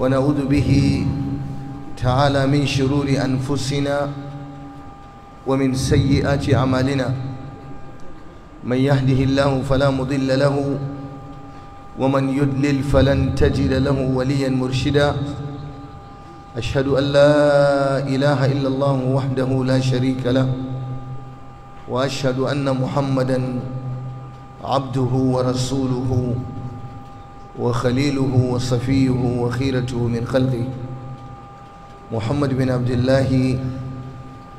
ونعوذ به تعالى من شرور أنفسنا ومن سيئات أعمالنا من يهده الله فلا مضل له ومن يدلل فلن تجد له وليا مرشدا أشهد أن لا إله إلا الله وحده لا شريك له وأشهد أن محمدا عبده ورسوله وخليله وصفيه وخيرته من خلقه محمد بن عبد الله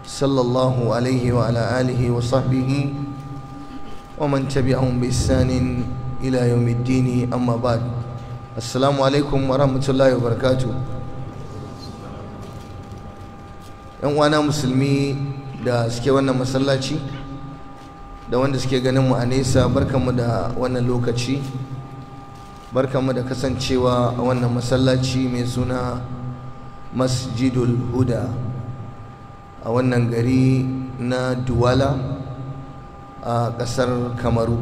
صلى الله عليه وعلى آله وصحبه ومن تبعهم بإحسان إلى يوم الدين أما بعد السلام عليكم ورحمة الله وبركاته ‘yan uwana musulmi da suke wannan masallaci da wanda suke ganin mu a nesa barkanmu da wannan lokaci barkamu da kasancewa a wannan masallaci mai suna masjidul huda a wannan gari na duwala a ƙasar kamaru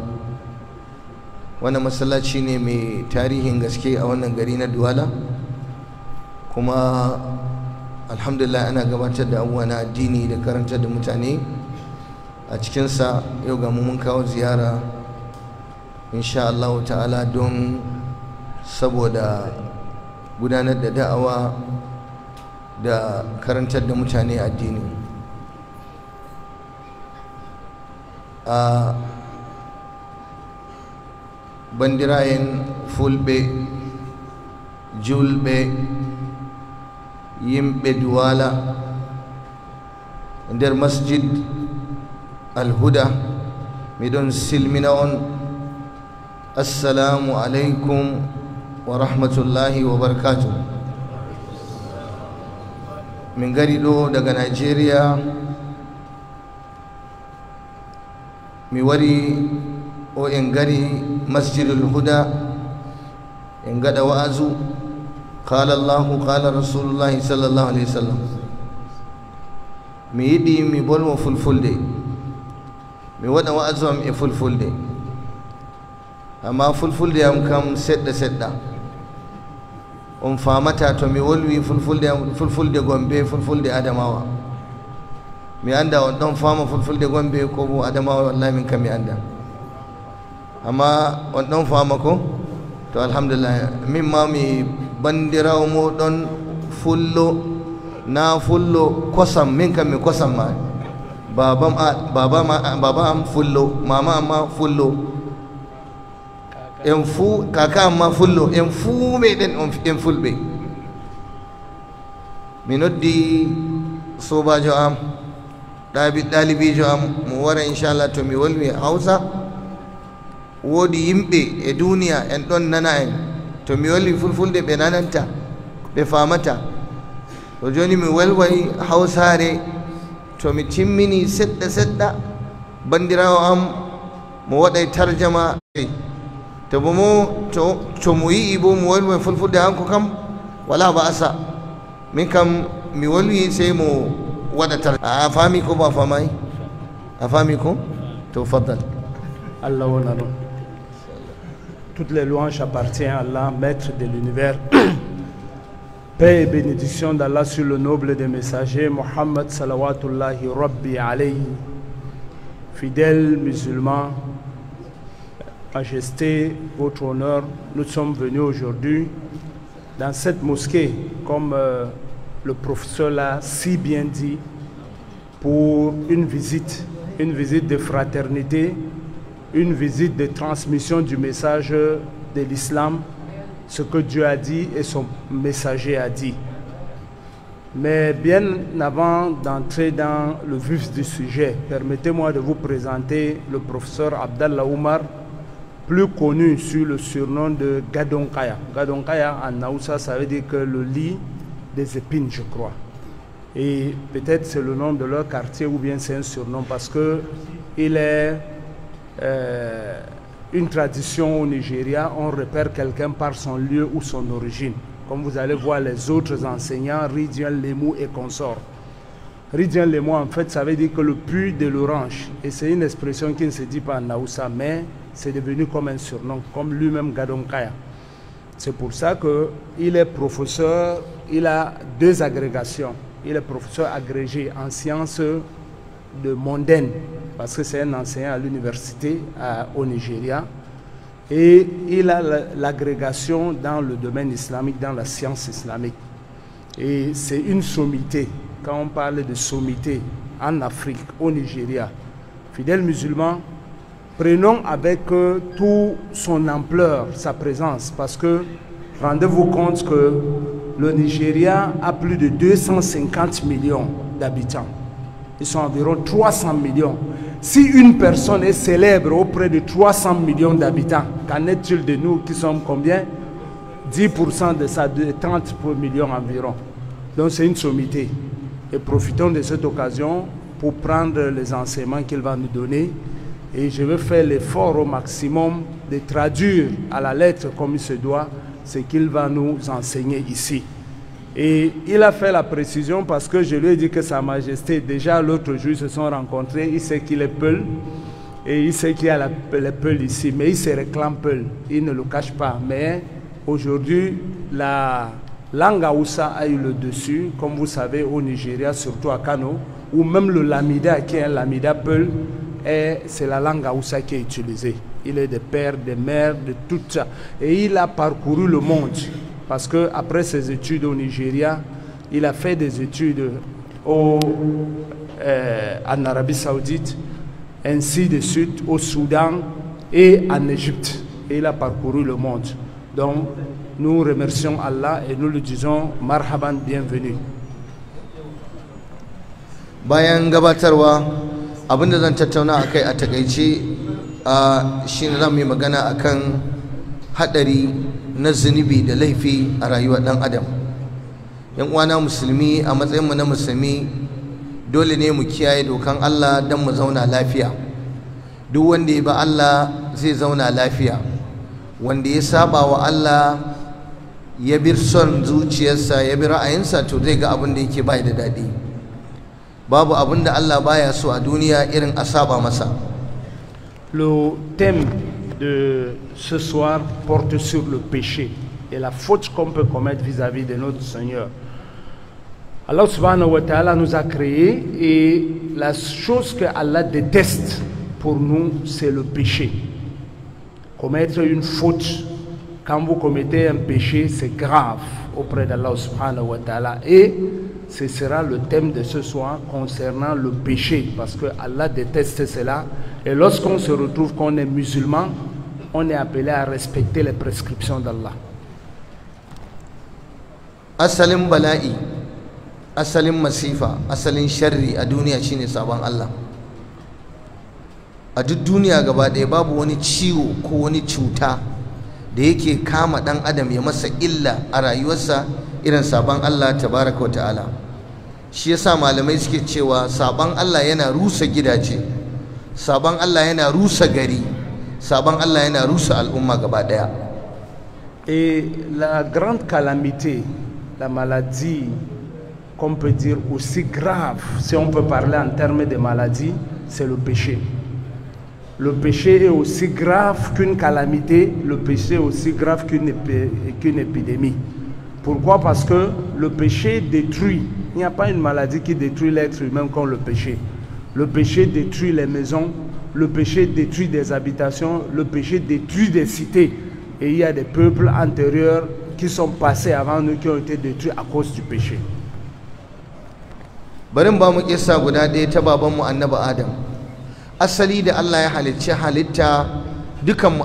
wannan masallaci ne mai tarihin gaske a wannan gari na duwala kuma alhamdulillah ana gabatar da abubuwa na addini da karantar da mutane a cikinsa yau ga mun kawo ziyara insha Allah ta'ala don saboda gudanar da da'awa da karantar da mutane addini a bandirayen fulbe julbe yimbe duwala nder masjid alhuda midon silmina on assalamu alaikum ورحمة الله min gari غريدو daga Nigeria mi wari o en gari masjidul huda en gada wa'azu qala allah qala rasulullah sallallahu alaihi wasallam mi yidi mi bolmo fulfulde mi wada wa'azu am e fulfulde amma fulfulde am kam sedda sedda on um famata to mi wolwi fulfulde fulfulde gombe fulfulde adamawa mi anda on don fama fulfulde gombe ko bo adamawa wallahi min kam mi anda amma on don fama ko to alhamdulillah min ma mi mo don fullo na fullo kosam min kam mi kosam ma baba am fullo mama amma fullo en fuu kaka amma fullo en fuu meɗen en fulɓe mi noddi sobajo am ɗaɓiɗɗalibijo am mo wara inchallah to mi wolwi hawsa woodi yimɓe e duniya en ɗon nana en to mi wolwi fulfulɗe ɓe nananta ɓe famata to joni mi welway hawsare to mi timmini seɗɗa seɗɗa bandirawo am mo waɗay tarjama to bo إبو مولو mo yi'i bo كم ولا بأسا من كم wala ba asa min kam mi walwi sey mo waɗatar a toutes les louanges appartiennent à Allah maître de l'univers Paix et bénédiction d'Allah sur le noble des messagers, Mohammed Salawatullahi Rabbi alayhi, fidèle musulman, Majesté, votre honneur, nous sommes venus aujourd'hui dans cette mosquée, comme euh, le professeur l'a si bien dit, pour une visite, une visite de fraternité, une visite de transmission du message de l'islam, ce que Dieu a dit et son messager a dit. Mais bien avant d'entrer dans le vif du sujet, permettez-moi de vous présenter le professeur Abdallah Oumar, plus connu sous le surnom de Gadonkaya. Gadonkaya en Naoussa, ça veut dire que le lit des épines, je crois. Et peut-être c'est le nom de leur quartier ou bien c'est un surnom parce que il est euh, une tradition au Nigeria, on repère quelqu'un par son lieu ou son origine. Comme vous allez voir les autres enseignants, Ridian Lemou et consorts. Ridian Lemou, en fait, ça veut dire que le puits de l'orange. Et c'est une expression qui ne se dit pas en Naoussa, mais c'est devenu comme un surnom, comme lui-même Gadonkaya. C'est pour ça qu'il est professeur, il a deux agrégations. Il est professeur agrégé en sciences de mondaine, parce que c'est un enseignant à l'université au Nigeria. Et il a l'agrégation dans le domaine islamique, dans la science islamique. Et c'est une sommité. Quand on parle de sommité en Afrique, au Nigeria, fidèle musulman, Prenons avec euh, tout toute son ampleur sa présence parce que rendez-vous compte que le Nigeria a plus de 250 millions d'habitants. Ils sont environ 300 millions. Si une personne est célèbre auprès de 300 millions d'habitants, qu'en est-il de nous qui sommes combien 10% de ça, de 30 millions environ. Donc c'est une sommité. Et profitons de cette occasion pour prendre les enseignements qu'il va nous donner et je veux faire l'effort au maximum de traduire à la lettre comme il se doit ce qu'il va nous enseigner ici. Et il a fait la précision parce que je lui ai dit que Sa Majesté, déjà l'autre jour, ils se sont rencontrés, il sait qu'il est Peul et il sait qu'il y a la, les Peul ici, mais il se réclame Peul, il ne le cache pas. Mais aujourd'hui, la langue a eu le dessus, comme vous savez, au Nigeria, surtout à Kano, ou même le Lamida qui est un Lamida Peul c'est la langue Aoussa qui est utilisée. Il est des pères, des mères, de tout. Et il a parcouru le monde parce que après ses études au Nigeria, il a fait des études au, euh, en Arabie Saoudite, ainsi de suite au Soudan et en Égypte. Et il a parcouru le monde. Donc, nous remercions Allah et nous lui disons marhaban bienvenue. Bayan gabatarwa abinda zan tattauna akai a takaice shine zamu yi magana akan hadari na zunubi da laifi a rayuwar dan adam yan uwana musulmi a matsayinmu na musulmi dole ne mu kiyaye dokan Allah don mu zauna lafiya duk wanda ya ba Allah zai zauna lafiya wanda ya saba wa Allah ya bi son zuciyarsa ya bi ra'ayinsa to zai ga abin da yake bai da daɗi le thème de ce soir porte sur le péché et la faute qu'on peut commettre vis-à-vis de notre Seigneur. Allah nous a créés et la chose que Allah déteste pour nous, c'est le péché. Commettre une faute, quand vous commettez un péché, c'est grave auprès d'Allah Et ce sera le thème de ce soir concernant le péché, parce que Allah déteste cela. Et lorsqu'on se retrouve qu'on est musulman, on est appelé à respecter les prescriptions d'Allah. Asalim bala'i, Asalim masifa, Asalim sharri a duniya shine Allah. A duk duniya gaba ɗaya babu wani ciwo ko wani cuta kama dan adam ya illa ara et la grande calamité la maladie qu'on peut dire aussi grave si on peut parler en termes de maladie c'est le péché le péché est aussi grave qu'une calamité, le péché est aussi grave qu'une épidémie. Pourquoi Parce que le péché détruit. Il n'y a pas une maladie qui détruit l'être humain comme le péché. Le péché détruit les maisons, le péché détruit des habitations, le péché détruit des cités. Et il y a des peuples antérieurs qui sont passés avant nous qui ont été détruits à cause du péché. adam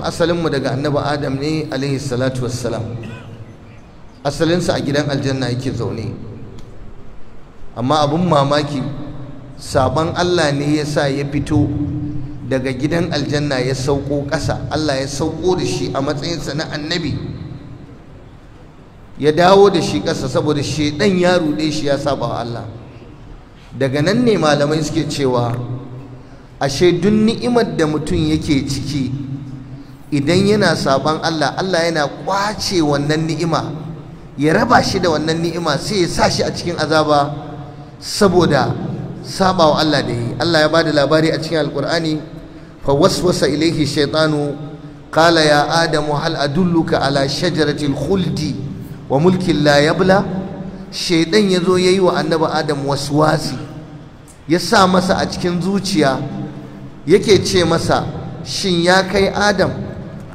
adam salatu asalinsa a gidan aljanna yake zaune amma abin mamaki sabon Allah ne ya sa ya fito daga gidan aljanna ya sauko ƙasa Allah ya sauko da shi a matsayinsa na annabi ya dawo da shi ƙasa saboda shedan ya ruɗe shi ya saba wa Allah daga nan ne malamai suke cewa ashe duk ni'imar da mutum yake ciki idan yana sabon Allah Allah yana kwace wannan ni'ima ya raba shi da wannan ni'ima sai ya sa shi a cikin azaba saboda wa Allah da yi Allah ya bada labari a cikin alkur'ani fa waswasa ilaihi shaytanu qala ya adamu hal adulluka ala shajaratil khuldi wa mulkin la yabla shaydan yazo yayi wa annabi adam waswasi ya sa masa a cikin zuciya yake ce masa shin ya kai adam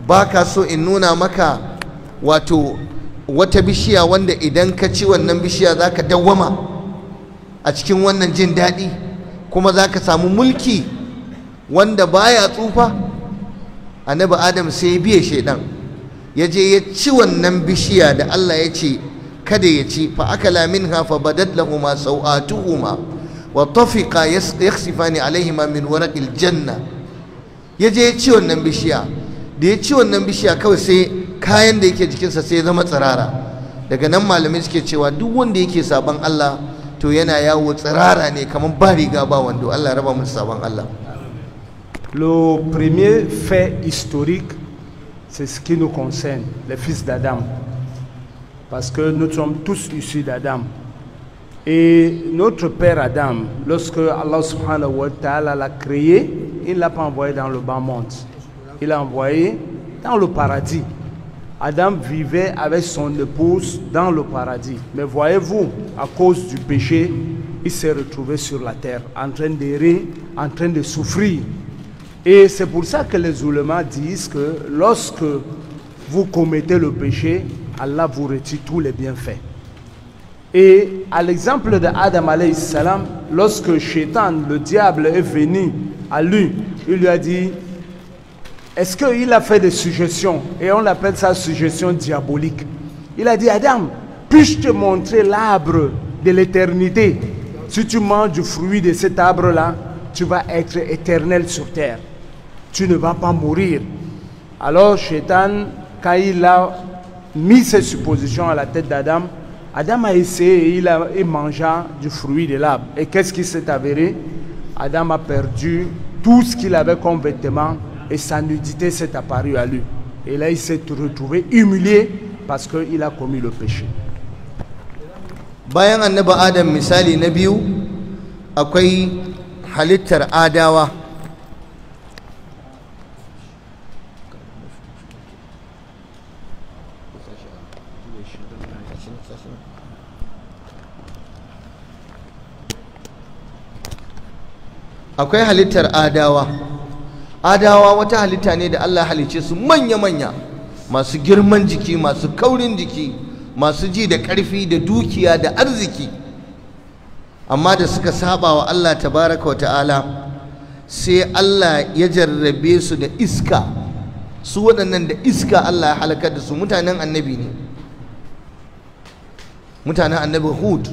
baka so in nuna maka wato wata bishiya wanda idan ka ci wannan bishiya za ka dawwama a cikin wannan jin daɗi kuma za ka samu mulki wanda baya tsufa annabi adam sai ya biye shaidan ya je ya ci wannan bishiya da allah ya ce kada ya ci fa akala minha fa badat lahuma sau'atuhuma wa tafiqa yakhsifani alaihima min waraqil janna ya je ya ci wannan bishiya da ya ci wannan bishiya kawai sai Le premier fait historique, c'est ce qui nous concerne, les fils d'Adam. Parce que nous sommes tous issus d'Adam. Et notre père Adam, lorsque Allah subhanahu l'a créé, il ne l'a pas envoyé dans le bas monde. Il l'a envoyé dans le paradis. Adam vivait avec son épouse dans le paradis. Mais voyez-vous, à cause du péché, il s'est retrouvé sur la terre, en train d'errer, en train de souffrir. Et c'est pour ça que les oulémas disent que lorsque vous commettez le péché, Allah vous retire tous les bienfaits. Et à l'exemple d'Adam, lorsque Shaitan, le diable, est venu à lui, il lui a dit est-ce qu'il a fait des suggestions Et on l'appelle ça suggestion diabolique. Il a dit, Adam, puis-je te montrer l'arbre de l'éternité Si tu manges du fruit de cet arbre-là, tu vas être éternel sur terre. Tu ne vas pas mourir. Alors, Shaitan, quand il a mis ses suppositions à la tête d'Adam, Adam a essayé et il, a, mangea du fruit de l'arbre. Et qu'est-ce qui s'est avéré Adam a perdu tout ce qu'il avait comme vêtements et sa nudité s'est apparue à lui. Et là, il s'est retrouvé humilié parce qu'il a commis le péché. bayan annabi adam misali na biyu akwai halittar adawa akwai halittar adawa adawa wata halitta ne da Allah halice su manya-manya masu girman jiki masu kaurin jiki masu ji da ƙarfi da dukiya da arziki amma da suka saba wa Allah tabaraka wa ta'ala sai Allah ya jarrabe su da iska su waɗannan da iska Allah ya halakar da su mutanen annabi ne mutanen annabi hud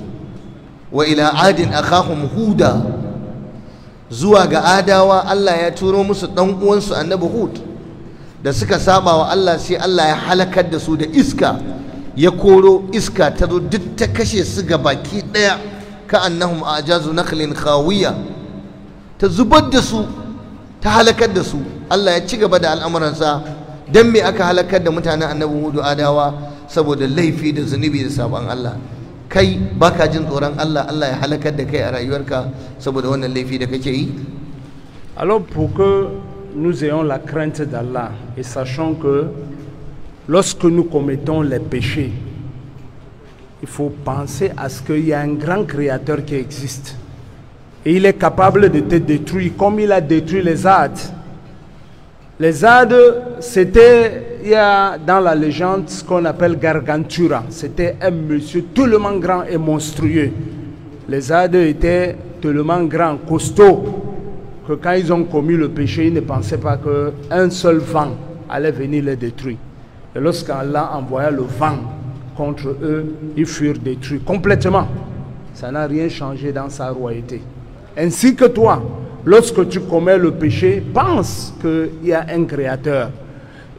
wa ila adin akahum huda zuwa ga adawa Allah ya turo musu dan uwansu annabi Hud da suka saba wa Allah sai Allah ya halakar da su da iska ya koro iska ta zo duk ta kashe su ga baki daya ka annahum ajazu nakhlin khawiya ta zubar da su ta halakar da su Allah ya ci gaba da al'amuransa dan me aka halakar da mutanen annabi Hud adawa saboda laifi da zunubi da sabon Allah alors pour que nous ayons la crainte d'Allah et sachant que lorsque nous commettons les péchés il faut penser à ce qu'il y a un grand créateur qui existe et il est capable de te détruire comme il a détruit les ades. Les ades c'était il y a dans la légende ce qu'on appelle Gargantura. C'était un monsieur tellement grand et monstrueux. Les Hades étaient tellement grands, costauds, que quand ils ont commis le péché, ils ne pensaient pas qu'un seul vent allait venir les détruire. Et lorsqu'Allah envoya le vent contre eux, ils furent détruits complètement. Ça n'a rien changé dans sa royauté. Ainsi que toi, lorsque tu commets le péché, pense qu'il y a un créateur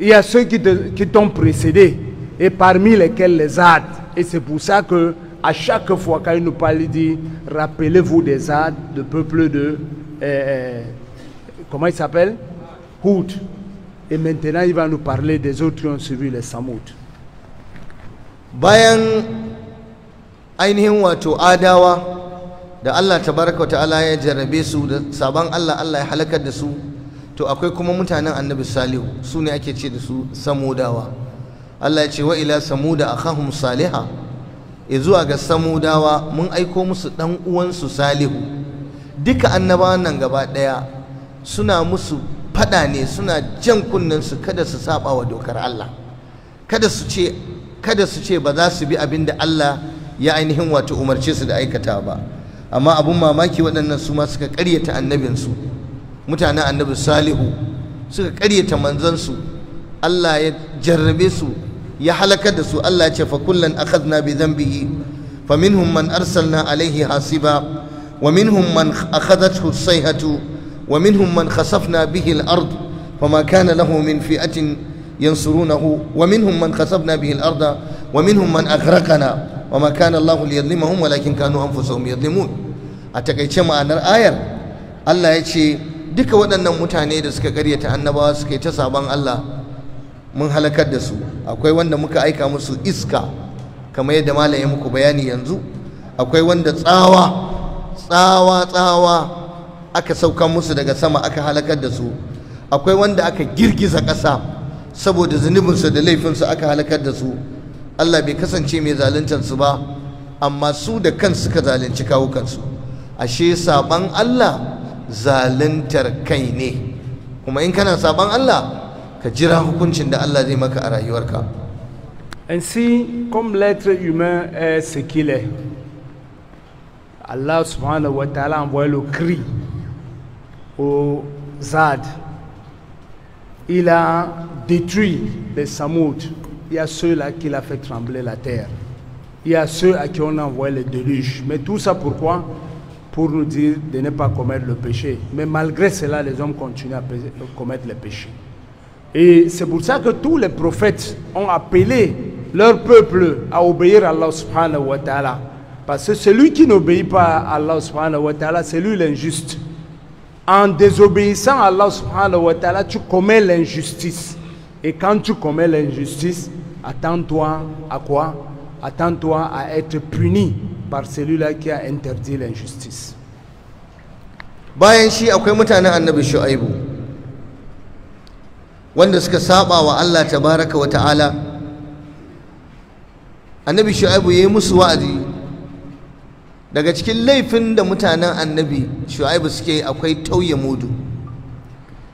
il y a ceux qui, t'ont précédé, et parmi lesquels les Zad. Et c'est pour ça que à chaque fois, qu'il nous parle, il dit Rappelez-vous des Zad, de peuple de. Euh, euh, comment il s'appelle hout Et maintenant, il va nous parler des autres qui ont suivi les Samoud. adawa Allah Allah Allah to akwai kuma mutanen annabi salihu su ne ake ce da su samudawa Allah ya ce wa ila samuda akhahum saliha e zuwa ga samudawa mun aiko musu dan uwansu salihu duka annabawan nan gaba daya suna musu fada ne suna jan kunnen su kada su saba wa dokar Allah kada su ce su ba za su bi abin da Allah ya ainihin wato umarce su da aikata ba amma abin mamaki waɗannan su ma suka ƙaryata annabinsu mutanen annabi salihu suka karyata manzansu Allah ya jarrabe su ya halakar da su Allah ya ce fa kullan akhadna bi dhanbihi fa minhum man arsalna alaihi hasiba wa minhum man akhadathu as-sayhatu wa minhum man khasafna bihi al-ard fama kana lahu min fi'atin yansurunahu wa minhum man khasafna bihi al-ard wa minhum man aghraqna wa ma kana Allah liyadhlimahum walakin kanu anfusahum yadhlimun a takaice ma'anar ayar Allah ya ce duka waɗannan mutane da suka ta annabawa suka yi ta sabon Allah mun halakar da su akwai wanda muka aika musu iska kamar yadda malam ya muku bayani yanzu akwai wanda tsawa tsawa tsawa aka sauka musu daga sama aka halakar da su akwai wanda aka girgiza ƙasa saboda zunubinsu da laifinsu aka halakar da su Allah bai kasance mai zaluntar su ba amma su da kansu suka zalunci kawukansu ashe sabon Allah zaluntar kai ne kuma in kana saban Allah ka jira hukuncin da Allah zai maka a rayuwarka ainsi comme l'être humain est ce qu'il est Allah subhanahu wa ta'ala envoie le cri au Zad il a détruit les Samoud il y a ceux-là qui a fait trembler la terre il y a ceux à qui on a envoyé le déluge mais tout ça pourquoi pour nous dire de ne pas commettre le péché. Mais malgré cela, les hommes continuent à commettre le péché Et c'est pour ça que tous les prophètes ont appelé leur peuple à obéir à Allah subhanahu wa ta'ala. Parce que celui qui n'obéit pas à Allah subhanahu wa ta'ala, c'est lui l'injuste. En désobéissant à Allah subhanahu wa ta'ala, tu commets l'injustice. Et quand tu commets l'injustice, attends-toi à quoi Attends-toi à être puni par celui-là qui a interdit l'injustice bayan shi akwai mutanen annabi shu'aibu wanda suka saba wa Allah tabaraka wa ta'ala annabi shu'aibu ya yi musu wa'azi daga cikin laifin da mutanen annabi shu'aibu suke akwai tauye mudu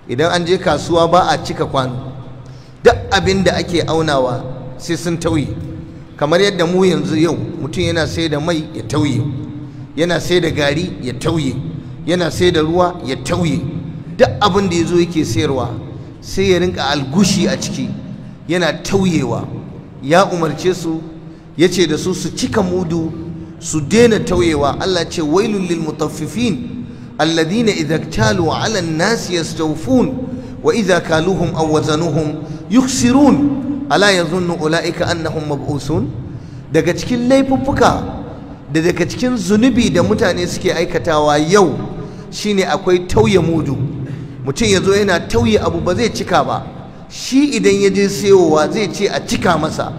idan an je kasuwa ba a cika kwano duk abin da ake aunawa sai sun tauye kamar yadda mu yanzu yau mutum yana sai da mai ya tauye yana sai da gari ya tauye yana sai da ruwa ya tauye duk abin da ya zo yake sayarwa sai ya rinka algushi a ciki yana tauyewa ya umarce su ya ce da su su cika mudu su daina tauyewa Allah ce wailul lil mutaffifin alladhina idza iktalu ala an nasi yastawfun wa idza kaluhum aw wazanuhum yukhsirun ala yazunnu ulaika annahum mab'usun daga cikin laifuffuka da daga cikin zunubi da mutane suke aikatawa yau shine akwai tauye mudu mutum ya zo yana tauye abu ba zai cika ba shi idan ya je sayowa zai ce a cika masa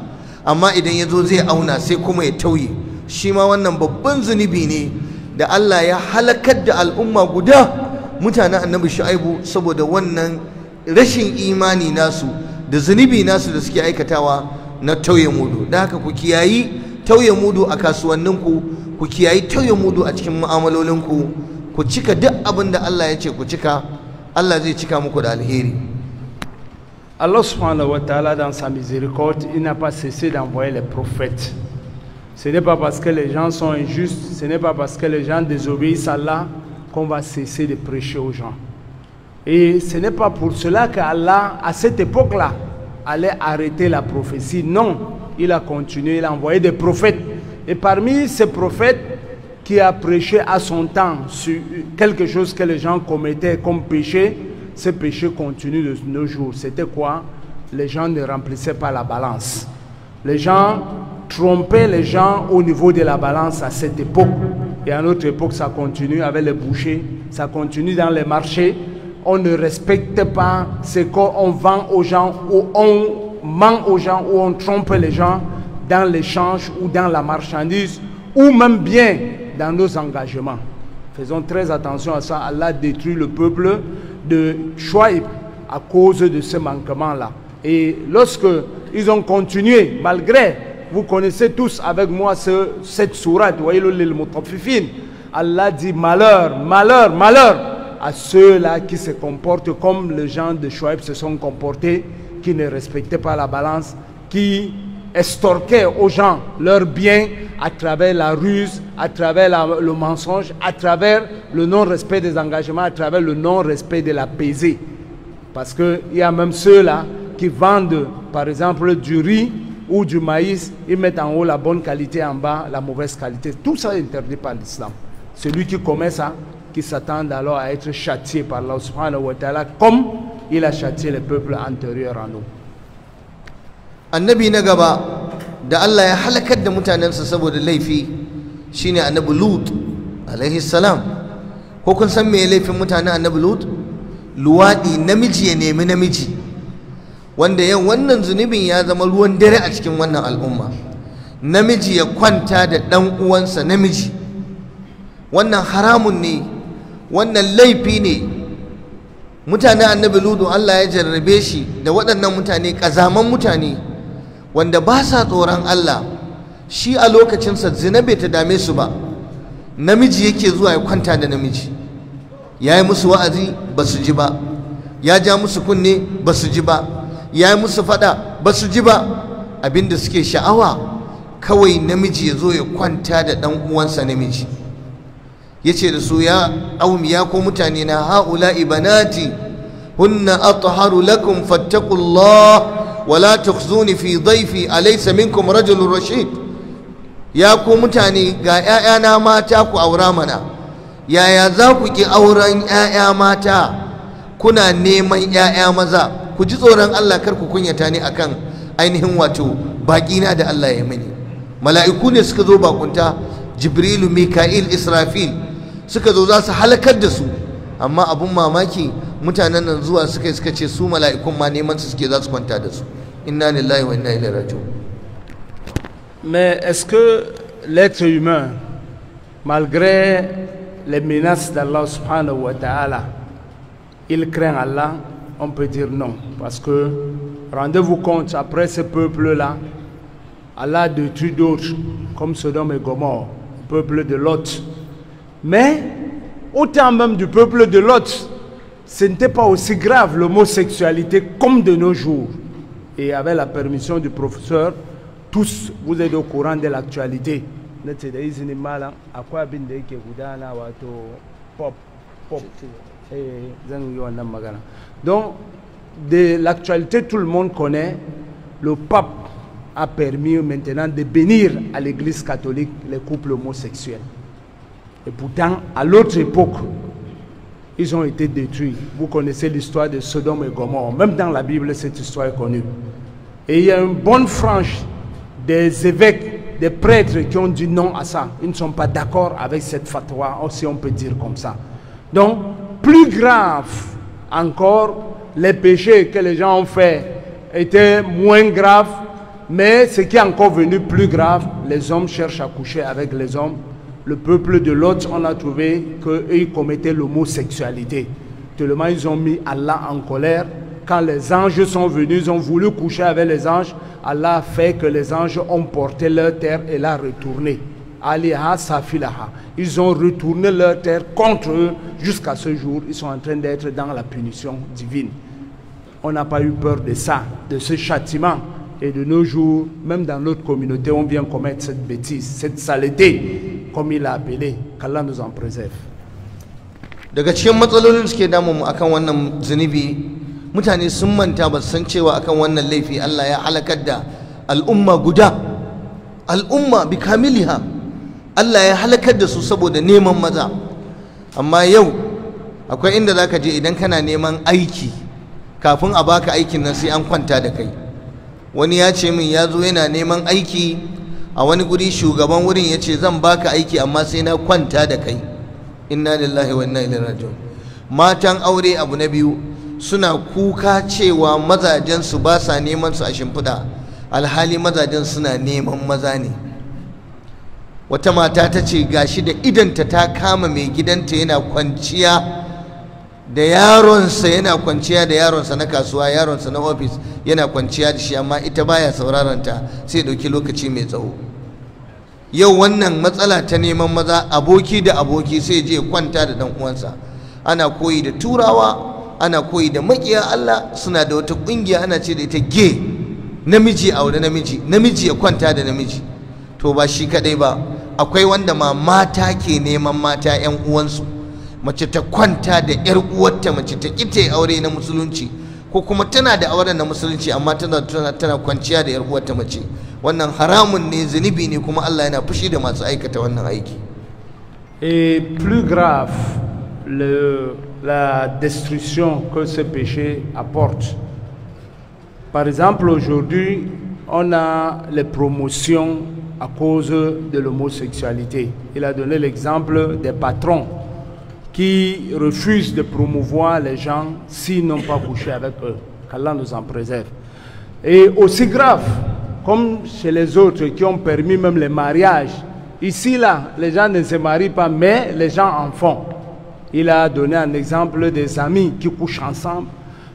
amma idan ya zo zai auna sai kuma ya tauye shi ma wannan babban zunubi ne da Allah ya halakar da al'umma guda mutanen annabi shu'aibu saboda wannan rashin imani nasu da zunubi nasu da suke aikatawa na tauye mudu dan haka ku kiyayi tauye mudu a kasuwanninku ku kiyayi tauye mudu a cikin mu'amalolinku ku cika duk abin da Allah ya ce ku cika Allah zai cika muku da alheri Allah subhanahu wa ta'ala dans sa miséricorde il n'a pas cessé d'envoyer les prophètes ce n'est pas parce que les gens sont injustes ce n'est pas parce que les gens désobéissent à Allah qu'on va cesser de prêcher aux gens et ce n'est pas pour cela qu'Allah, à cette époque-là, allait arrêter la prophétie. Non, il a continué, il a envoyé des prophètes. Et parmi ces prophètes qui a prêché à son temps sur quelque chose que les gens commettaient comme péché, ce péché continue de nos jours. C'était quoi Les gens ne remplissaient pas la balance. Les gens trompaient les gens au niveau de la balance à cette époque. Et à notre époque, ça continue avec les bouchers, ça continue dans les marchés, on ne respecte pas ce qu'on vend aux gens ou on ment aux gens ou on trompe les gens dans l'échange ou dans la marchandise ou même bien dans nos engagements. Faisons très attention à ça. Allah détruit le peuple de Shuaib à cause de ce manquement-là. Et lorsque ils ont continué, malgré, vous connaissez tous avec moi ce, cette sourate, Allah dit malheur, malheur, malheur à ceux-là qui se comportent comme les gens de Shoaib se sont comportés, qui ne respectaient pas la balance, qui extorquaient aux gens leurs biens à travers la ruse, à travers le mensonge, à travers le non-respect des engagements, à travers le non-respect de la pesée. Parce qu'il y a même ceux-là qui vendent, par exemple, du riz ou du maïs, ils mettent en haut la bonne qualité, en bas la mauvaise qualité. Tout ça est interdit par l'islam. Celui qui commet ça, qui s'attendent alors à être châtiés par Allah subhanahu wa ta'ala comme il a châtié les peuples antérieurs à nous annabi na gaba da Allah ya halakar da mutanensa saboda laifi shine annabi Lut alayhi salam ko kun san me laifin mutanen annabi Lut luwadi namiji ya nemi namiji wanda yau wannan zunubin ya zama ruwan dare a cikin wannan al'umma namiji ya kwanta da ɗan uwansa namiji wannan haramun ne wannan laifi ne mutanen annabi ludu Allah ya jarrabe shi da waɗannan mutane ƙazaman mutane wanda ba sa tsoron Allah shi a lokacinsa zina bai ta dame su ba namiji yake zuwa ya kwanta da namiji ya yi musu wa'azi ba su ji ba ya ja musu kunne ba su ji ba ya yi musu faɗa ba su ji ba abinda suke sha'awa kawai namiji ya zo ya kwanta da ɗan uwansa namiji yace da su ya aumi ko mutane na haula ibanati hunna atharu lakum fattaqullah wala tukhzuni fi dhayfi alaysa minkum rajulun rashid ya ku mutane ga 'ya'yana mata ku aura mana yaya za ku ki auren 'ya'ya mata kuna neman 'ya'ya maza ku ji tsoron Allah kar ku kunyata ni akan ainihin wato baƙina da Allah ya mini mala'iku ne suka zo bakunta jibrilu mika'il israfil suka zo za su halakar da su amma abun mamaki mutanen nan zuwa suka suka ce su mala'ikun ma neman su suke za su kwanta da su inna lillahi wa inna ilaihi raji'un Mais est-ce que l'être humain, malgré les menaces d'Allah subhanahu wa ta'ala, il craint Allah On peut dire non. Parce que, rendez-vous compte, après ce peuple-là, Allah détruit d'autres, comme Sodome et Gomorre, peuple de Lot, mais au temps même du peuple de Lot, ce n'était pas aussi grave l'homosexualité comme de nos jours. Et avec la permission du professeur, tous vous êtes au courant de l'actualité. Hein. Eh, Donc, de l'actualité, tout le monde connaît. Le pape a permis maintenant de bénir à l'Église catholique les couples homosexuels. Et pourtant, à l'autre époque, ils ont été détruits. Vous connaissez l'histoire de Sodome et Gomorre. Même dans la Bible, cette histoire est connue. Et il y a une bonne frange des évêques, des prêtres qui ont dit non à ça. Ils ne sont pas d'accord avec cette fatwa, oh, si on peut dire comme ça. Donc, plus grave encore, les péchés que les gens ont faits étaient moins graves, mais ce qui est encore venu plus grave, les hommes cherchent à coucher avec les hommes le peuple de Lot, on a trouvé qu'ils commettaient l'homosexualité. Tellement ils ont mis Allah en colère. Quand les anges sont venus, ils ont voulu coucher avec les anges. Allah a fait que les anges ont porté leur terre et l'a retournée. Aliha Safilaha. Ils ont retourné leur terre contre eux. Jusqu'à ce jour, ils sont en train d'être dans la punition divine. On n'a pas eu peur de ça, de ce châtiment. Et de nos jours, même dans notre communauté, on vient commettre cette bêtise, cette saleté. comme il a appelé qu'Allah nous en préserve daga cikin matsalolin suke damu mu akan wannan zunubi mutane sun manta ba san cewa akan wannan laifi Allah ya halakar da al'umma guda al'umma bi kamiliha Allah ya halakar da su saboda neman maza amma yau akwai inda zaka je idan kana neman aiki kafin a baka aikin nan sai an kwanta da kai wani ya ce min ya zo yana neman aiki a wani guri shugaban wurin ya ce zan baka aiki amma sai na kwanta da kai inna lillahi wa inna ilaihi raji'un matan aure abu na biyu suna kuka cewa mazajen su ba sa neman su a shimfiɗa alhali mazajen suna neman maza ne wata mata ta ce gashi da idanta ta kama mai gidanta yana kwanciya da yaronsa yana kwanciya da yaronsa na kasuwa yaronsa na ofis yana kwanciya da shi amma ita baya sauraron ta sai dauki lokaci mai tsawo yau wannan matsala ta neman maza aboki da aboki sai je kwanta da dan uwansa ana koyi da turawa ana koyi da makiya Allah suna da wata kungiya ana ce da ita ge namiji a wani namiji namiji ya kwanta da namiji to ba shi kadai ba akwai wanda ma mata ke neman mata yan uwansu mace ta kwanta da yar uwarta mace ta kite aure na musulunci ko kuma tana da auren na musulunci amma tana tana kwanciya da yar uwarta mace wannan haramun ne zunubi ne kuma Allah yana fushi da masu aikata wannan aiki et plus grave le la destruction que ce péché apporte par exemple aujourd'hui on a les promotions à cause de l'homosexualité il a donné l'exemple des patrons qui refusent de promouvoir les gens s'ils n'ont pas couché avec eux. Qu'Allah nous en préserve. Et aussi grave, comme chez les autres qui ont permis même les mariages, ici là, les gens ne se marient pas, mais les gens en font. Il a donné un exemple des amis qui couchent ensemble,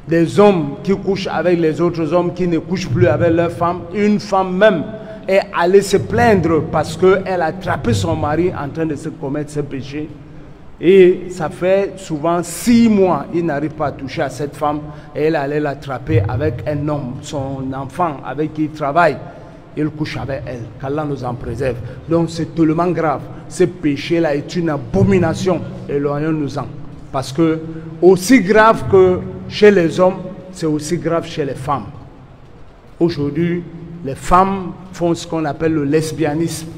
des hommes qui couchent avec les autres hommes qui ne couchent plus avec leurs femme Une femme même est allée se plaindre parce qu'elle a attrapé son mari en train de se commettre ce péché. Et ça fait souvent six mois, il n'arrive pas à toucher à cette femme et elle allait l'attraper avec un homme, son enfant avec qui il travaille. Il couche avec elle. Qu'Allah nous en préserve. Donc c'est tellement grave. Ce péché-là est une abomination. Éloignons-nous-en. Parce que aussi grave que chez les hommes, c'est aussi grave chez les femmes. Aujourd'hui, les femmes font ce qu'on appelle le lesbianisme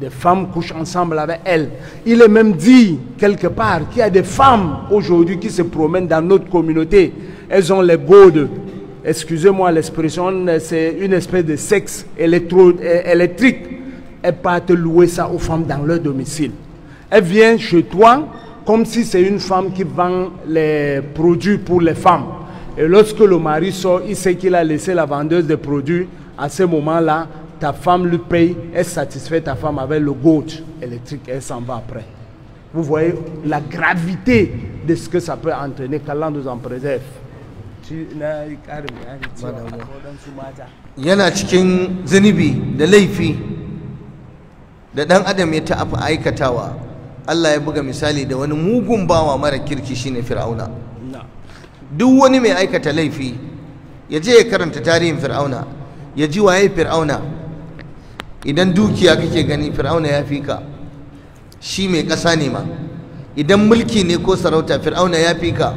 des femmes couchent ensemble avec elles. Il est même dit quelque part qu'il y a des femmes aujourd'hui qui se promènent dans notre communauté. Elles ont les gaudes. Excusez-moi l'expression, c'est une espèce de sexe électro électrique. Elles te louer ça aux femmes dans leur domicile. Elles viennent chez toi comme si c'est une femme qui vend les produits pour les femmes. Et lorsque le mari sort, il sait qu'il a laissé la vendeuse des produits à ce moment-là ta femme lui paye, elle satisfait ta femme avec le gauche électrique, elle s'en va après. Vous voyez la gravité de ce que ça peut entraîner, qu'Allah nous en préserve. yana cikin zunubi da laifi da dan adam ya ta'afi aikatawa Allah ya buga misali da wani mugun bawa mara kirki shine fir'auna duk wani mai aikata laifi ya je ya karanta tarihin fir'auna ya ji waye fir'auna idan dukiya kake gani fir'auna ya fi ka shi mai ƙasa ne ma idan mulki ne ko sarauta fir'auna ya fi ka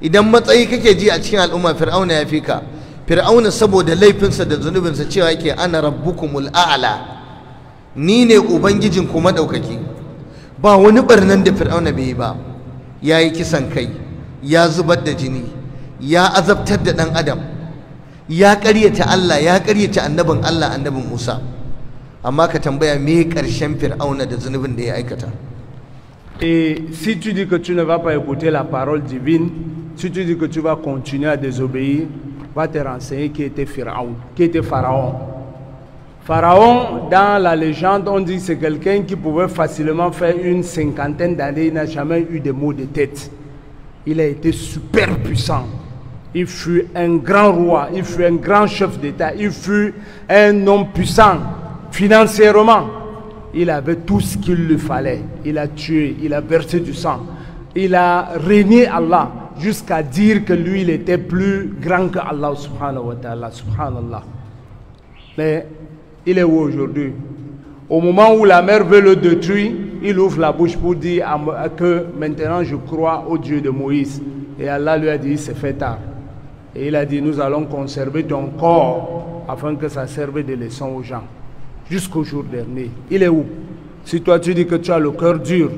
idan matsayi kake ji a cikin al'umma fir'auna ya fi ka fir'auna saboda laifinsa da zunubinsa cewa yake ana rabbukumul a'ala ni ne ubangijin kuma madaukaki ba wani barnan da fir'auna bai yi ba ya yi kisan kai ya zubar da jini ya azabtar da ɗan adam Et si tu dis que tu ne vas pas écouter la parole divine, si tu dis que tu vas continuer à désobéir, va te renseigner qui était Pharaon. Qui était Pharaon. Pharaon, dans la légende, on dit que c'est quelqu'un qui pouvait facilement faire une cinquantaine d'années, il n'a jamais eu de maux de tête. Il a été super puissant. Il fut un grand roi, il fut un grand chef d'État, il fut un homme puissant financièrement. Il avait tout ce qu'il lui fallait. Il a tué, il a versé du sang. Il a régné Allah jusqu'à dire que lui, il était plus grand que Allah subhanahu wa ta'ala. Subhanallah. Mais il est où aujourd'hui Au moment où la mer veut le détruire, il ouvre la bouche pour dire que maintenant je crois au Dieu de Moïse. Et Allah lui a dit, c'est fait tard. Et il a dit, nous allons conserver ton corps afin que ça serve de leçon aux gens. Jusqu'au jour dernier. Il est où Si toi tu dis que tu as le cœur dur,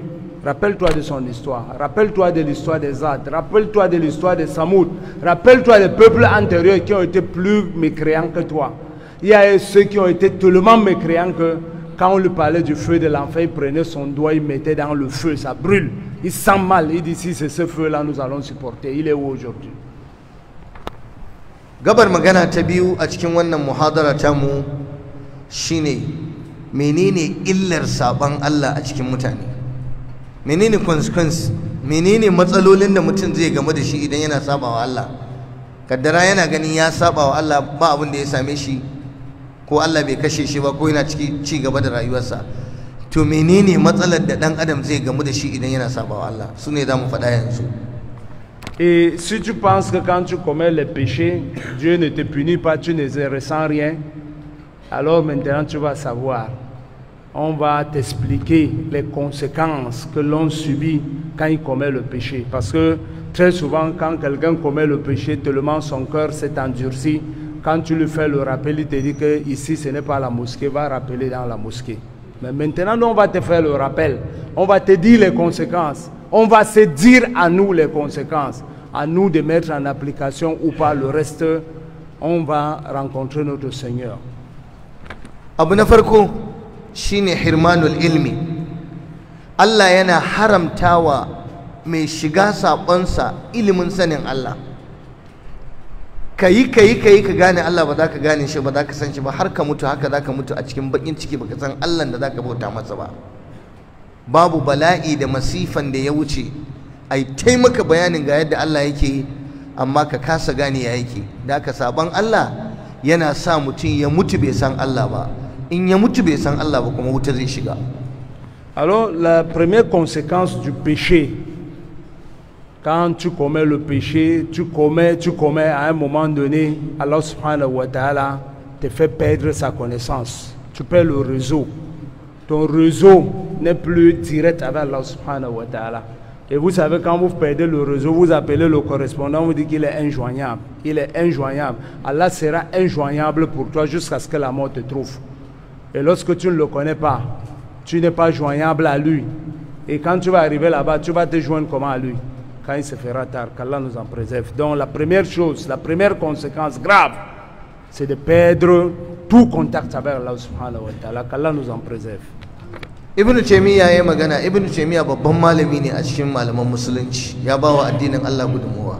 rappelle-toi de son histoire. Rappelle-toi de l'histoire des Zad Rappelle-toi de l'histoire des Samoud. Rappelle-toi des peuples antérieurs qui ont été plus mécréants que toi. Il y a ceux qui ont été tellement mécréants que quand on lui parlait du feu de l'enfer, il prenait son doigt, il mettait dans le feu, ça brûle. Il sent mal, il dit si c'est ce feu-là, nous allons supporter. Il est où aujourd'hui gabar magana ta biyu a cikin wannan muhadara ta tamu shine menene illar saban Allah a cikin mutane menene consequence menene matsalolin da mutum zai game da shi idan yana sabawa Allah kaddara yana ganin ya sabawa Allah ba abin da ya same shi ko Allah bai kashe shi ba ko yana ciki ci gaba da rayuwarsa to menene matsalar da ɗan adam zai gamu da shi idan yana sabawa Allah su ne za mu faɗa yanzu Et si tu penses que quand tu commets les péchés, Dieu ne te punit pas, tu ne ressens rien, alors maintenant tu vas savoir. On va t'expliquer les conséquences que l'on subit quand il commet le péché. Parce que très souvent, quand quelqu'un commet le péché, tellement son cœur s'est endurci, quand tu lui fais le rappel, il te dit que ici ce n'est pas la mosquée, va rappeler dans la mosquée. Mais maintenant, on va te faire le rappel, on va te dire les conséquences on va se dire à nous les conséquences. À nous de mettre en application ou pas le reste, on va rencontrer notre Seigneur. abu na farko shine hirmanul ilmi Allah yana tawa, mai shiga saƙonsa ilimun sanin Allah kayi kayi kayi ka gane Allah ba za ka gane shi ba za ka san shi ba har ka mutu haka za ka mutu a cikin bakin ciki san Allah da za ka masa ba babu bala'i da masifan da ya wuce ai taimaka bayanin ga yadda Allah yake amma ka kasa gane ya yake da ka saban Allah yana sa mutum ya mutu bai san Allah ba in ya mutu bai san Allah ba kuma wuta zai shiga alors la première conséquence du péché quand tu commets le péché tu commets tu commets à un moment donné Allah subhanahu wa ta'ala te fait perdre sa connaissance tu perds le réseau ton réseau n'est plus direct avec Allah subhanahu wa ta'ala. Et vous savez, quand vous perdez le réseau, vous appelez le correspondant, vous dites qu'il est injoignable. Il est injoignable. Allah sera injoignable pour toi jusqu'à ce que la mort te trouve. Et lorsque tu ne le connais pas, tu n'es pas joignable à lui. Et quand tu vas arriver là-bas, tu vas te joindre comment à lui Quand il se fera tard, qu'Allah nous en préserve. Donc la première chose, la première conséquence grave, c'est de perdre tout contact avec Allah subhanahu wa ta'ala. Qu'Allah nous en préserve. ibnu taymiya ya magana ibnu taymiya babban malami ne a cikin malaman musulunci ya bawa addinin Allah gudunmuwa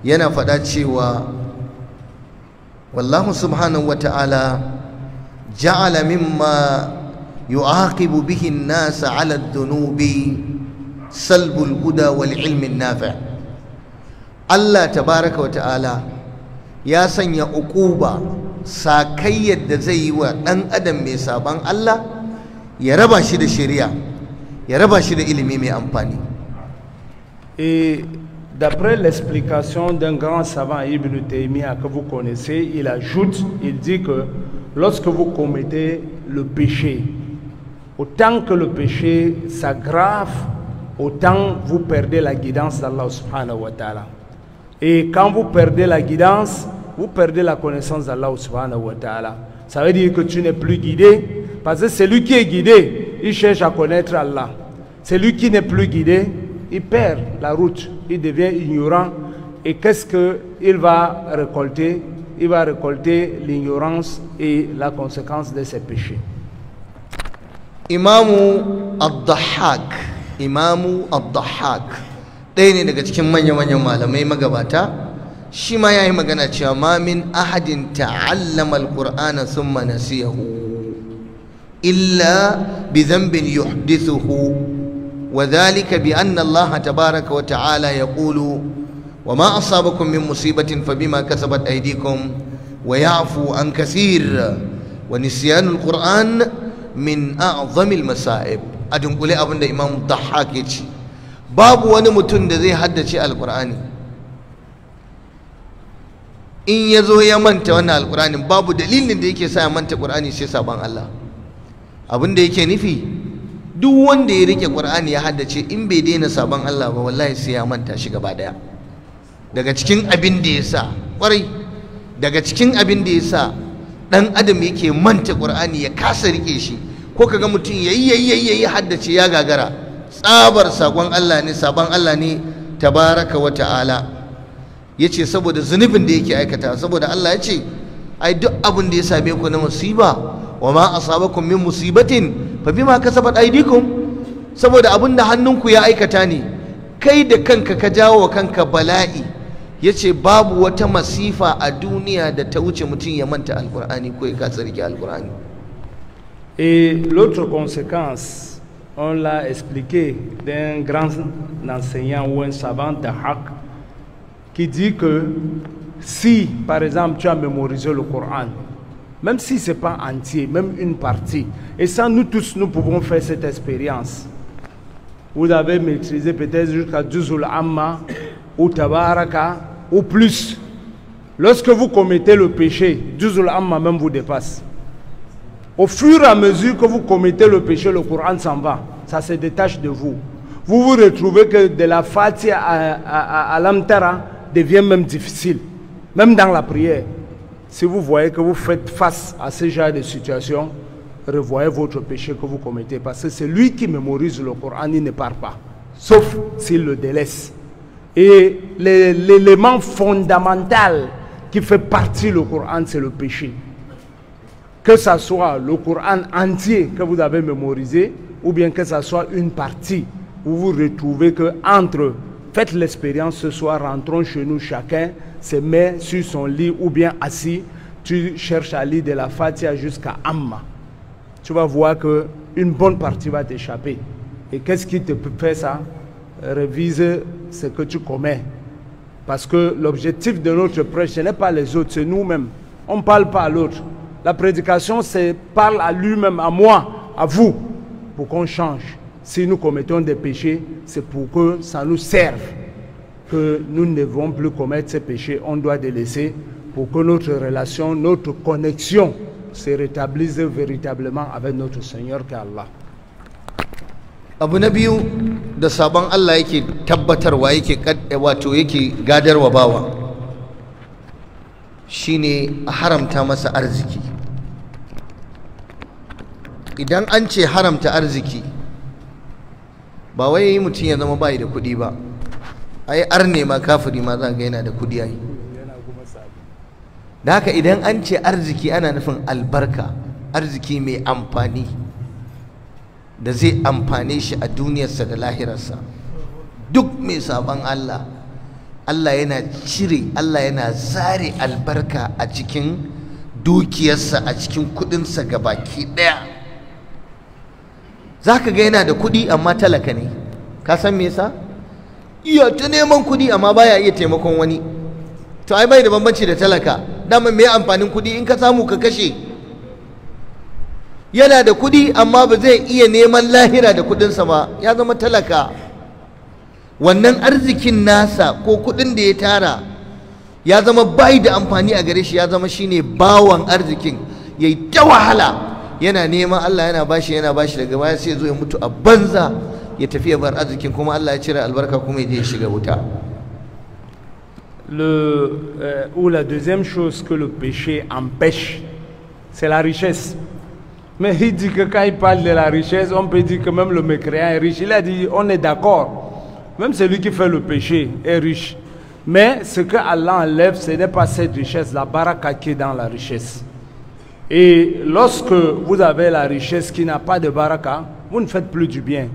yana faɗa cewa wallahu subhanahu wa ta'ala ja'ala mimma yu'aqibu bihi an nasa 'ala ad-dunubi salbul huda wal ilmin nafi' Allah tabaraka wa ta'ala ya sanya uquba sakayyar da zai yi wa ɗan adam mai saban Allah Et d'après l'explication d'un grand savant, Ibn Taymiyyah, que vous connaissez, il ajoute, il dit que lorsque vous commettez le péché, autant que le péché s'aggrave, autant vous perdez la guidance d'Allah subhanahu wa ta'ala. Et quand vous perdez la guidance, vous perdez la connaissance d'Allah subhanahu wa ta'ala. Ça veut dire que tu n'es plus guidé, parce que celui qui est guidé, il cherche à connaître Allah. Celui qui n'est plus guidé, il perd la route, il devient ignorant. Et qu'est-ce qu'il va récolter Il va récolter l'ignorance et la conséquence de ses péchés. Imamu Abdahak, Imamu Abdahak, ɗaya ne daga cikin manya-manyan malamai magabata shi ma ya yi magana cewa ma min ahadin ta'allama alqur'ana thumma nasiyahu إلا بذنب يحدثه وذلك بأن الله تبارك وتعالى يقول وما أصابكم من مصيبة فبما كسبت أيديكم ويعفو عن كثير ونسيان القرآن من أعظم المصائب أدن قولي أبن إمام الضحاك يجي باب ونمتن ذي حد شيء القرآن in ya zo ya manta wannan alkur'anin babu dalilin da yake sa ya manta qur'ani sai saban Allah abin da yake nufi duk wanda ya rike qur'ani ya haddace in bai daina sabon Allah ba wallahi sai ya manta shi gaba daya daga cikin abin da ya sa kwarai daga cikin abin da ya sa dan adam yake manta qur'ani ya kasa rike shi ko kaga mutum yayi yayi yayi haddace ya gagara tsabar sakon Allah ne sabon Allah ne tabaraka wa ta'ala yace saboda zunubin da yake aikata saboda Allah ya ce, ai duk abin da ya same ku na musiba wa ma asabakum min musibatin fa bima kasabat aydikum saboda abin da hannunku ya aikata ne kai da kanka ka jawo wa kanka bala'i yace babu wata masifa a duniya da ta wuce mutum ya manta alkur'ani ko ya kasa rike alkur'ani Et l'autre conséquence, on l'a expliqué d'un grand enseignant ou un savant de Haq qui dit que si, par exemple, tu as mémorisé le Coran, même si ce n'est pas entier, même une partie. Et ça, nous tous, nous pouvons faire cette expérience. Vous avez maîtrisé peut-être jusqu'à Juzul Amma ou Tabaraka ou plus. Lorsque vous commettez le péché, Juzul Amma même vous dépasse. Au fur et à mesure que vous commettez le péché, le Coran s'en va. Ça se détache de vous. Vous vous retrouvez que de la fatia à, à, à l'amtara devient même difficile, même dans la prière. Si vous voyez que vous faites face à ce genre de situation, revoyez votre péché que vous commettez. Parce que c'est lui qui mémorise le Coran, il ne part pas. Sauf s'il le délaisse. Et l'élément fondamental qui fait partie le Coran, c'est le péché. Que ce soit le Coran entier que vous avez mémorisé, ou bien que ce soit une partie, où vous retrouvez que entre, faites l'expérience ce soir, rentrons chez nous chacun, se met sur son lit ou bien assis, tu cherches à lire de la Fatia jusqu'à Amma. Tu vas voir que une bonne partie va t'échapper. Et qu'est-ce qui te fait ça Réviser ce que tu commets. Parce que l'objectif de notre prêche, ce n'est pas les autres, c'est nous-mêmes. On ne parle pas à l'autre. La prédication, c'est parle à lui-même, à moi, à vous, pour qu'on change. Si nous commettons des péchés, c'est pour que ça nous serve que nous ne devons plus commettre ces péchés, on doit délaisser pour que notre relation, notre connexion se rétablisse véritablement avec notre Seigneur est Allah. abu da sabon Allah yake tabbatarwa yake eh, wato yake gadarwa bawa shine a haramta masa arziki idan an ce haramta arziki ba wai mutun ya zama bai da kudi ba ai arne ma kafiri ma za ga yana da kudi ai da haka idan an ce arziki ana nufin albarka arziki mai amfani da zai amfane shi a duniyarsa da lahirarsa duk mai sabon Allah Allah yana cire Allah yana zare albarka a cikin dukiyarsa a cikin kudinsa ga baki ɗaya za ka ga yana da kudi amma talaka ne ka san me yasa iya ta neman kuɗi amma baya iya taimakon wani to ai bai da bambanci da talaka dama mai amfanin kuɗi in ka samu ka kashe yana da kuɗi amma ba zai iya neman lahira da kuɗinsa ba ya zama talaka wannan arzikin nasa ko kuɗin da ya tara ya zama bai da amfani a gare shi ya zama shine bawan arzikin ya yi ta wahala yana neman Allah yana bashi yana bashi daga baya sai zo ya mutu a banza ou la deuxième chose que le péché empêche c'est la richesse mais il dit que quand il parle de la richesse on peut dire que même le mécréant est riche il a dit on est d'accord même celui qui fait le péché est riche mais ce que Allah enlève ce n'est pas cette richesse la baraka qui est dans la richesse et lorsque vous avez la richesse qui n'a pas de baraka vous ne faites plus du bien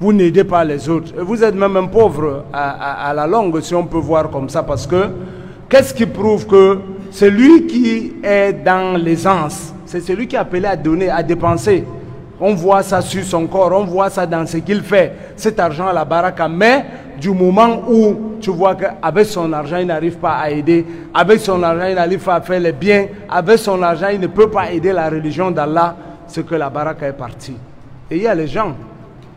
vous n'aidez pas les autres. Vous êtes même un pauvre à, la longue, si on peut voir comme ça, parce que qu'est-ce qui prouve que c'est lui qui est dans l'aisance, c'est celui qui est appelé à donner, à dépenser. On voit ça sur son corps, on voit ça dans ce qu'il fait, cet argent à la baraka. Mais du moment où tu vois qu'avec son argent, il n'arrive pas à aider, avec son argent, il n'arrive pas à faire les biens, avec son argent, il ne peut pas aider la religion d'Allah, c'est que la baraka est partie. Et il y a les gens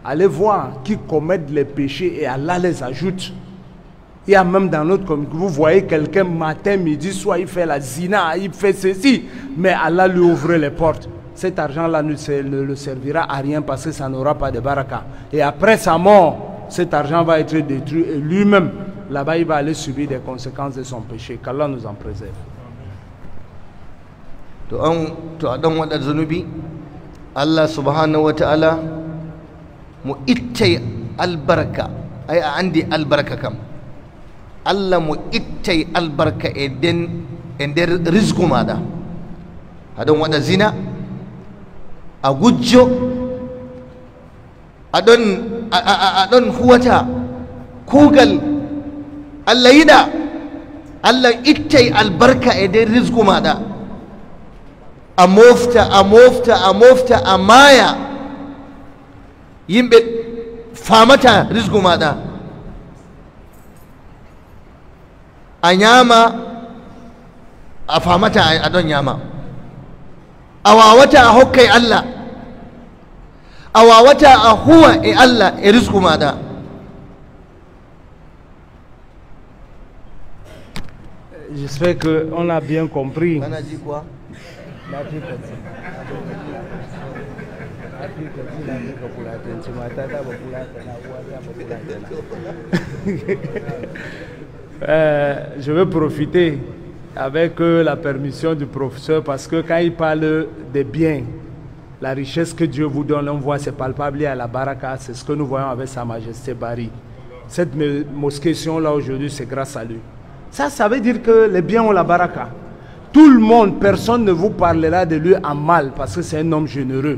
allez voir qui commettent les péchés et Allah les ajoute. Il y a même dans notre communauté, vous voyez quelqu'un matin, midi, soit il fait la zina, il fait ceci, mais Allah lui ouvre les portes. Cet argent-là ne le, servira à rien parce que ça n'aura pas de baraka. Et après sa mort, cet argent va être détruit et lui-même, là-bas, il va aller subir des conséquences de son péché. Qu'Allah nous en préserve. Allah subhanahu wa ta'ala mu itta albarka Ai a andi albarka kam allah mu itta albarka idan e nden e nder risque maɗa aɗon waɗa zina a gujjo adon aɗon huwata kugal allah yiɗa allah itta albarka idan e rizku ma maɗa a mofta a mofta a mofta a maya. يم بيت فامتا رزقو مادا أنياما أفامتا أدون ياما أواواتا أوكي ألا أواواتا أحوى إي إلا رزقو مادا J'espère qu'on a bien compris. Euh, je veux profiter avec la permission du professeur parce que quand il parle des biens la richesse que Dieu vous donne, on voit, c'est palpable à la baraka, c'est ce que nous voyons avec Sa Majesté Barry Cette mosquée-là aujourd'hui, c'est grâce à lui. Ça, ça veut dire que les biens ont la baraka. Tout le monde, personne ne vous parlera de lui en mal parce que c'est un homme généreux.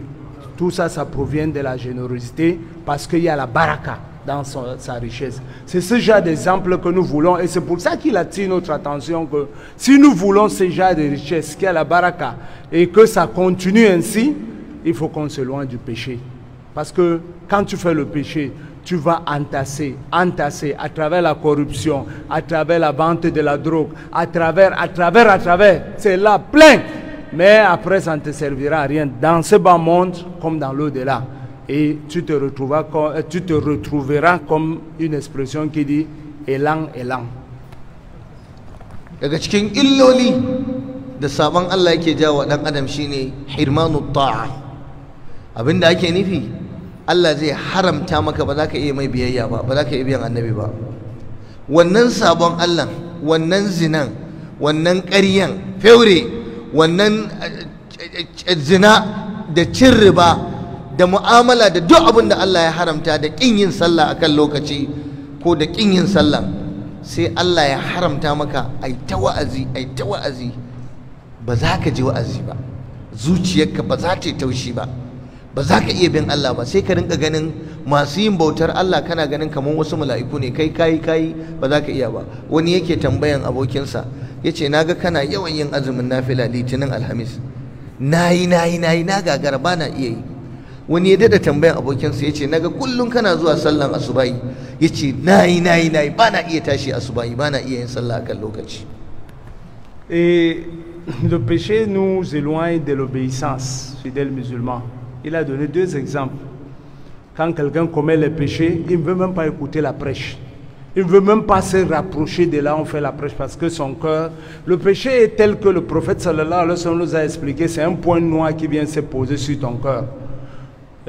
Tout ça, ça provient de la générosité parce qu'il y a la baraka dans sa richesse. C'est ce genre d'exemple que nous voulons et c'est pour ça qu'il attire notre attention que si nous voulons ce genre de richesse qui a la baraka et que ça continue ainsi, il faut qu'on se loigne du péché. Parce que quand tu fais le péché, tu vas entasser, entasser à travers la corruption, à travers la vente de la drogue, à travers, à travers, à travers. C'est là plein mais après ça ne te servira à rien dans ce bas monde comme dans l'au-delà. Et tu te, retrouveras comme, euh, tu te retrouveras comme une expression qui dit élan, élan. Daga cikin illoli da sabon Allah yake jawo dan Adam shine hirmanu ta'a. Abinda ake nufi Allah zai haramta maka ba za ka iya mai biyayya ba ba za ka iya biyan annabi ba. Wannan sabon Allah, wannan zinan, wannan ƙaryan, feure wannan eh, eh, zina da cin riba da mu'amala da duk abin da Allah ya haramta da ƙin yin sallah a kan lokaci ko da ƙin yin sallah sai Allah ya haramta maka ai ta wa'azi ai ta wa'azi ba za ka ji wa'azi ba zuciyarka ba za ta yi taushi ba ba za ka iya bin Allah ba sai ka rinka ganin masu yin bautar Allah kana ganin kamar wasu mala'iku ne kai kayi kayi ba za ka iya ba wani yake tambayan abokinsa ya ce naga kana yawan yin azumin nafila litinin alhamis nayi nayi nayi na gagara ba na iya yi wani ya dada tambayan abokinsa ya ce naga kullum kana zuwa sallan asubayi ya ce nayi nayi nayi ba na iya tashi asubayi ba na iya yin sallah akan lokaci le péché nous éloigne de l'obéissance, fidèle musulman. Il a donné deux exemples. Quand quelqu'un commet le péché, il ne veut même pas écouter la prêche. Il ne veut même pas se rapprocher de là où on fait la prêche parce que son cœur, le péché est tel que le prophète sallallahu alayhi wa sallam nous a expliqué, c'est un point noir qui vient se poser sur ton cœur.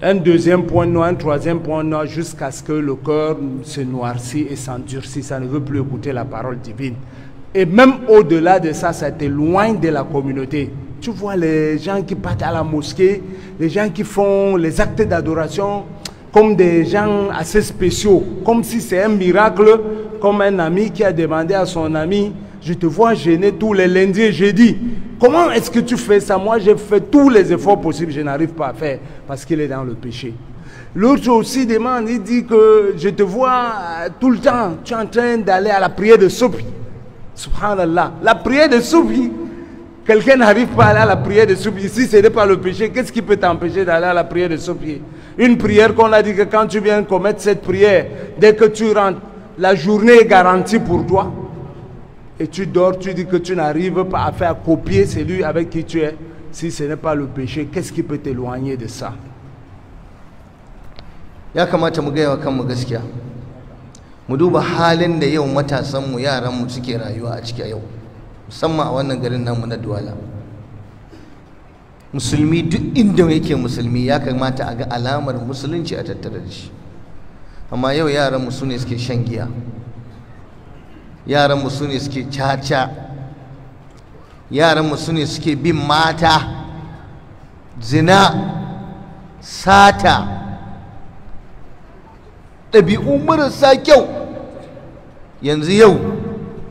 Un deuxième point noir, un troisième point noir, jusqu'à ce que le cœur se noircit et s'endurcit. Ça ne veut plus écouter la parole divine. Et même au-delà de ça, ça t'éloigne de la communauté. Tu vois les gens qui partent à la mosquée, les gens qui font les actes d'adoration, comme des gens assez spéciaux, comme si c'est un miracle, comme un ami qui a demandé à son ami, je te vois gêné tous les lundis et jeudi Comment est-ce que tu fais ça Moi, j'ai fait tous les efforts possibles, je n'arrive pas à faire parce qu'il est dans le péché. L'autre aussi demande, il dit que je te vois euh, tout le temps, tu es en train d'aller à la prière de soupe Subhanallah, la prière de soupe Quelqu'un n'arrive pas à aller à la prière de pied Si ce n'est pas le péché, qu'est-ce qui peut t'empêcher d'aller à la prière de pied Une prière qu'on a dit que quand tu viens commettre cette prière, dès que tu rentres, la journée est garantie pour toi. Et tu dors, tu dis que tu n'arrives pas à faire copier celui avec qui tu es. Si ce n'est pas le péché, qu'est-ce qui peut t'éloigner de ça musamman a wannan garin namu na duwala musulmi duk inda yake musulmi ya kamata a ga alamar musulunci a tattare da shi amma yau yaranmu su ne suke shan giya yaranmu su ne suke caca yaranmu su ne suke bin mata zina sata ɗabi'u marasa kyau yanzu yau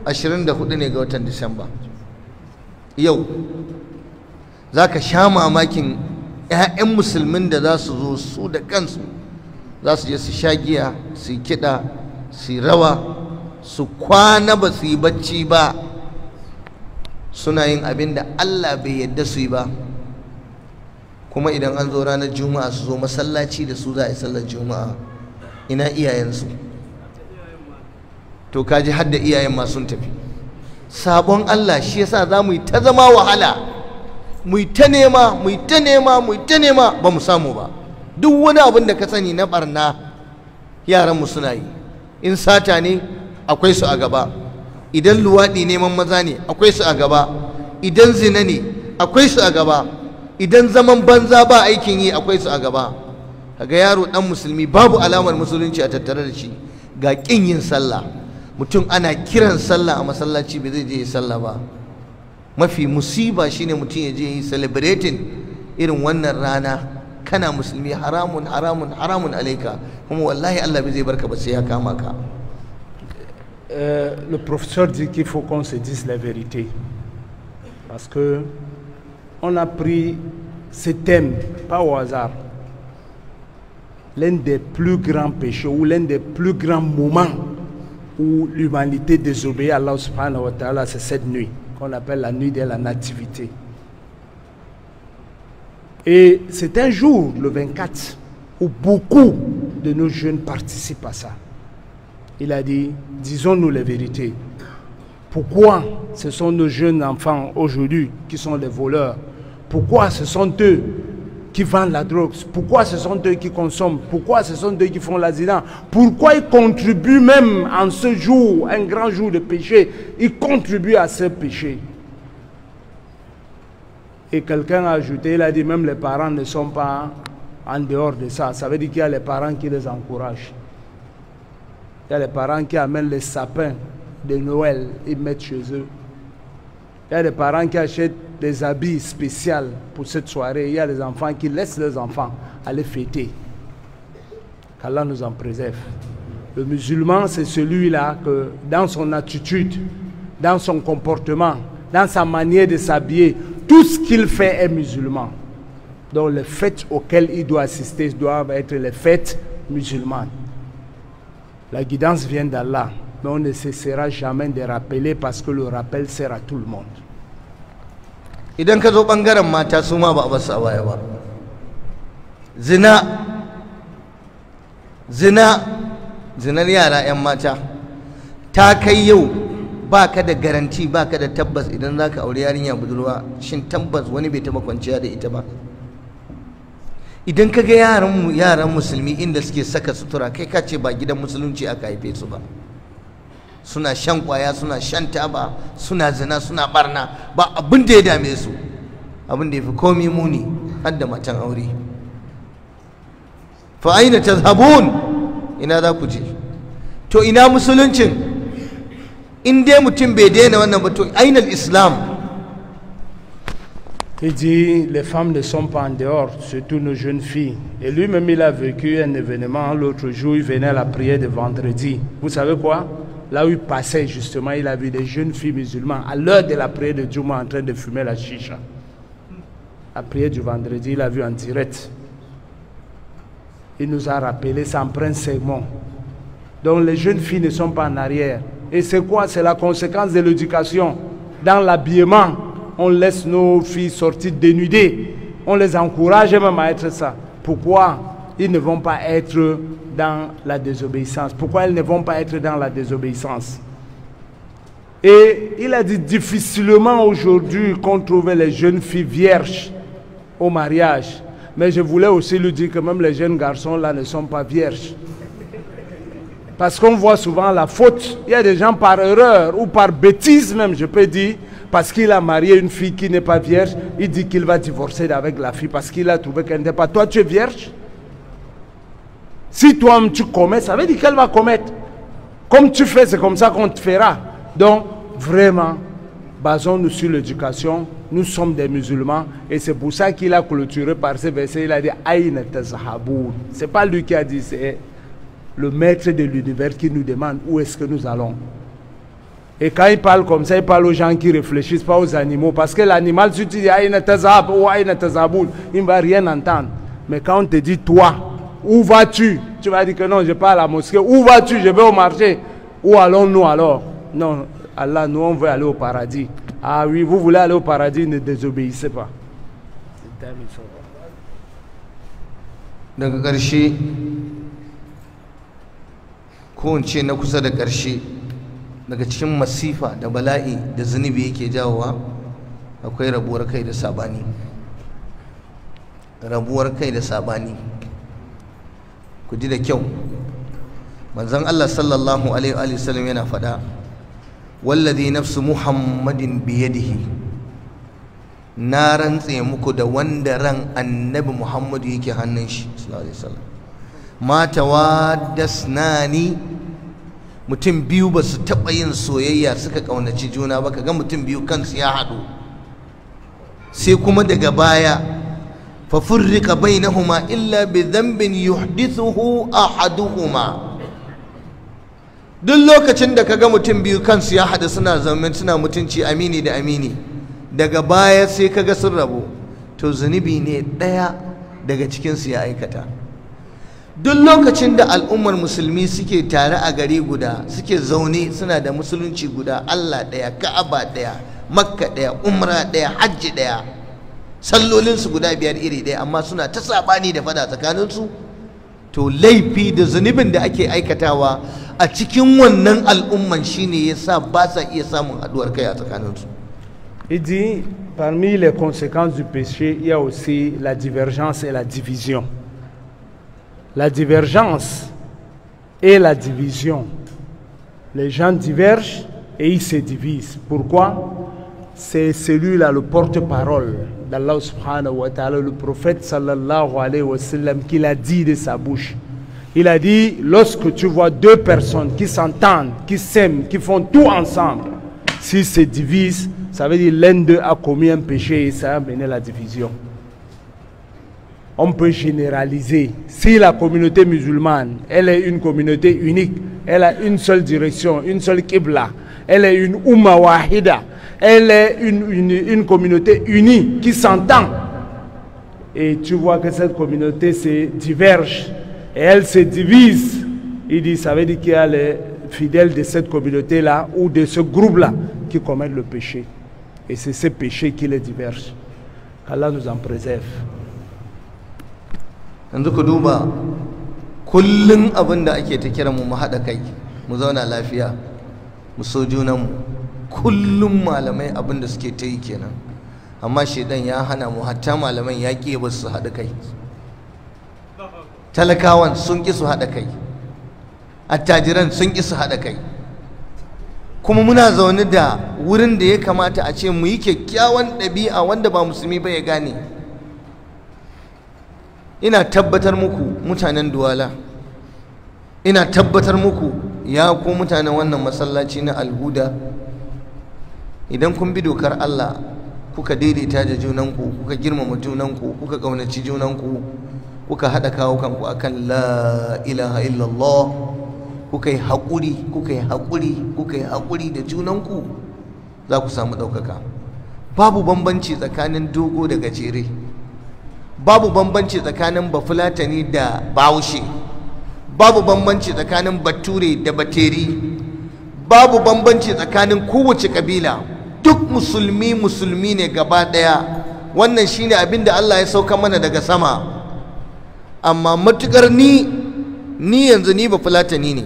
24 ne ga watan disamba yau za ka sha mamakin 'ya'yan musulmin da za su zo su da kansu za su je su sha giya su kiɗa su rawa su kwana ba su yi bacci ba suna yin abin da allah bai yadda su yi ba kuma idan an zo ranar juma'a su zo masallaci da su za a yi sallar juma'a ina iyayensu to kaji har da iyayen ma tafi sabon Allah shi yasa za mu yi ta zama wahala mu yi ta nema mu yi ta nema mu yi ta nema ba mu samu ba duk wani abin da ka sani na barna yaran mu suna yi in sata ne akwai su a gaba idan luwaɗi neman maza ne akwai su a gaba idan zina ne akwai su a gaba idan zaman banza ba aikin yi akwai su a gaba ga yaro ɗan musulmi babu alamar musulunci a tattare da shi ga ƙin yin sallah mutum ana kiran sallah a masallaci ba zai je yi sallah ba mafi musiba shine mutum ya je yi celebrating irin wannan rana kana musulmi haramun haramun haramun alaika kuma wallahi Allah bai zai barka ba sai ya kama ka eh, le professeur dit qu'il faut qu'on se dise la vérité parce que on a pris ce thème pas au hasard l'un des plus grands péchés ou l'un des plus grands moments où l'humanité désobéit à Allah wa ta'ala, c'est cette nuit, qu'on appelle la nuit de la nativité. Et c'est un jour, le 24, où beaucoup de nos jeunes participent à ça. Il a dit, disons-nous la vérité. Pourquoi ce sont nos jeunes enfants aujourd'hui qui sont les voleurs Pourquoi ce sont eux qui vendent la drogue Pourquoi ce sont eux qui consomment Pourquoi ce sont eux qui font l'assistan Pourquoi ils contribuent même en ce jour, un grand jour de péché Ils contribuent à ce péché. Et quelqu'un a ajouté, il a dit même les parents ne sont pas en dehors de ça. Ça veut dire qu'il y a les parents qui les encouragent. Il y a les parents qui amènent les sapins de Noël et mettent chez eux. Il y a des parents qui achètent des habits spéciaux pour cette soirée. Il y a des enfants qui laissent leurs enfants aller fêter. Qu'Allah nous en préserve. Le musulman, c'est celui-là que dans son attitude, dans son comportement, dans sa manière de s'habiller, tout ce qu'il fait est musulman. Donc les fêtes auxquelles il doit assister doivent être les fêtes musulmanes. La guidance vient d'Allah, mais on ne cessera jamais de rappeler parce que le rappel sert à tout le monde. idan ka zo ɓangaren mata su ma ba a basu a baya ba zina zina zinar yara 'yan mata ta kai yau ba ka da garanti ba ka da tabbas idan za ka aure yarinya budurwa shin tabbas wani bai taɓa kwanciya da ita ba idan ka ga yaran musulmi inda suke saka sutura kai ka ce ba gidan musulunci aka haife su ba suna shan kwaya suna shan taba suna zina suna barna ba abin da ya dame su abin da yafi komai muni har da matan aure fa aina tazhabun ina za ku je to ina musuluncin in dai mutum bai daina wannan ba to aina islam Il dit, les femmes ne sont pas en dehors, surtout nos jeunes filles. Et lui-même, il a vécu un événement. L'autre jour, il venait à la prière de vendredi. Vous savez quoi Là où il passait, justement, il a vu des jeunes filles musulmanes à l'heure de la prière de moi en train de fumer la chicha. La prière du vendredi, il a vu en direct. Il nous a rappelé sans prendre segment. Donc les jeunes filles ne sont pas en arrière. Et c'est quoi C'est la conséquence de l'éducation. Dans l'habillement, on laisse nos filles sortir dénudées. On les encourage même à être ça. Pourquoi Ils ne vont pas être dans la désobéissance Pourquoi elles ne vont pas être dans la désobéissance Et il a dit difficilement aujourd'hui qu'on trouvait les jeunes filles vierges au mariage. Mais je voulais aussi lui dire que même les jeunes garçons là ne sont pas vierges. Parce qu'on voit souvent la faute. Il y a des gens par erreur ou par bêtise même, je peux dire, parce qu'il a marié une fille qui n'est pas vierge, il dit qu'il va divorcer avec la fille parce qu'il a trouvé qu'elle n'était pas. Toi, tu es vierge si toi tu commets, ça veut dire qu'elle va commettre. Comme tu fais, c'est comme ça qu'on te fera. Donc, vraiment, basons-nous sur l'éducation. Nous sommes des musulmans et c'est pour ça qu'il a clôturé par ce verset. Il a dit Ce C'est pas lui qui a dit, c'est le maître de l'univers qui nous demande où est-ce que nous allons. Et quand il parle comme ça, il parle aux gens qui réfléchissent, pas aux animaux. Parce que l'animal, si tu dis ou il ne va rien entendre. Mais quand on te dit toi, où vas-tu Tu vas dire que non, je pas à la mosquée. Où vas-tu Je vais au marché. Où allons-nous alors Non, Allah, nous, on veut aller au paradis. Ah oui, vous voulez aller au paradis, ne désobéissez pas. daga ƙarshe ko in ce na kusa da ƙarshe daga cikin masifa da bala'i da zunubi yake jawowa akwai rabuwar kai da sabani rabuwar kai da sabani ku ji da kyau manzon Allah sallallahu alaihi wa sallam yana faɗa wallazi nafsu muhammadin biyadihi na rantse muku da wanda ran annabi muhammadu yake hannun shi sallallahu alaihi wa sallam ma tawaddasnani mutum biyu ba su taɓa yin soyayya suka ƙaunaci juna ba ka ga mutum biyu kansu ya haɗu sai kuma daga baya fa furrika nahuma illa bi dhanbin yuhdithuhu ahaduhuma duk lokacin da ka ga mutum biyu kansu ya haɗu suna zaman suna mutunci amini da amini daga baya sai ka ga sun rabu to zunubi ne ɗaya daga cikinsu ya aikata duk lokacin da al'ummar musulmi suke tare a gari guda suke zaune suna da musulunci guda allah ɗaya ka'aba ɗaya makka ɗaya umra ɗaya hajji ɗaya Il dit, parmi les conséquences du péché, il y a aussi la divergence et la division. La divergence et la division. Les gens divergent et ils se divisent. Pourquoi C'est celui-là le porte-parole d'Allah subhanahu wa ta'ala, le prophète sallallahu alayhi wa sallam, qu'il a dit de sa bouche. Il a dit, lorsque tu vois deux personnes qui s'entendent, qui s'aiment, qui font tout ensemble, Si se divisent, ça veut dire l'un d'eux a commis un péché et ça a amené la division. On peut généraliser. Si la communauté musulmane, elle est une communauté unique, elle a une seule direction, une seule Qibla, elle est une Ummah Wahida, elle est une, communauté unie qui s'entend. Et tu vois que cette communauté se diverge et elle se divise. Il dit, ça veut dire qu'il y a les fidèles de cette communauté-là ou de ce groupe-là qui commettent le péché. Et c'est ce péché qui les diverge. Allah nous en préserve. kullum malamai abin suke ta yi kenan amma shaidan ya hana mu hatta malaman ya ƙi ba su haɗa kai talakawan sun ƙi su haɗa kai attajiran sun ƙi su haɗa kai kuma muna zaune da wurin da ya kamata a ce mu yi kyakkyawan ɗabi'a wanda ba musulmi ba ya gane ina tabbatar muku mutanen duwala ina tabbatar muku ya ku mutanen wannan masallaci na alhuda idan kun bi dokar Allah kuka daidaita da junanku kuka girmama junanku kuka kaunaci junanku kuka haɗa kawo kanku akan la ilaha illallah kuka yi haƙuri kuka yi hakuri kuka yi hakuri da junanku za ku samu ɗaukaka babu bambanci tsakanin dogo da gajere babu bambanci tsakanin bafulatani da baushe. babu bambanci tsakanin bature da bateri babu bambanci tsakanin kowace kabila duk musulmi musulmi ne gaba ɗaya wannan shine abin da Allah ya sauka mana daga sama amma matukar ni ni yanzu ni ba fulatani ne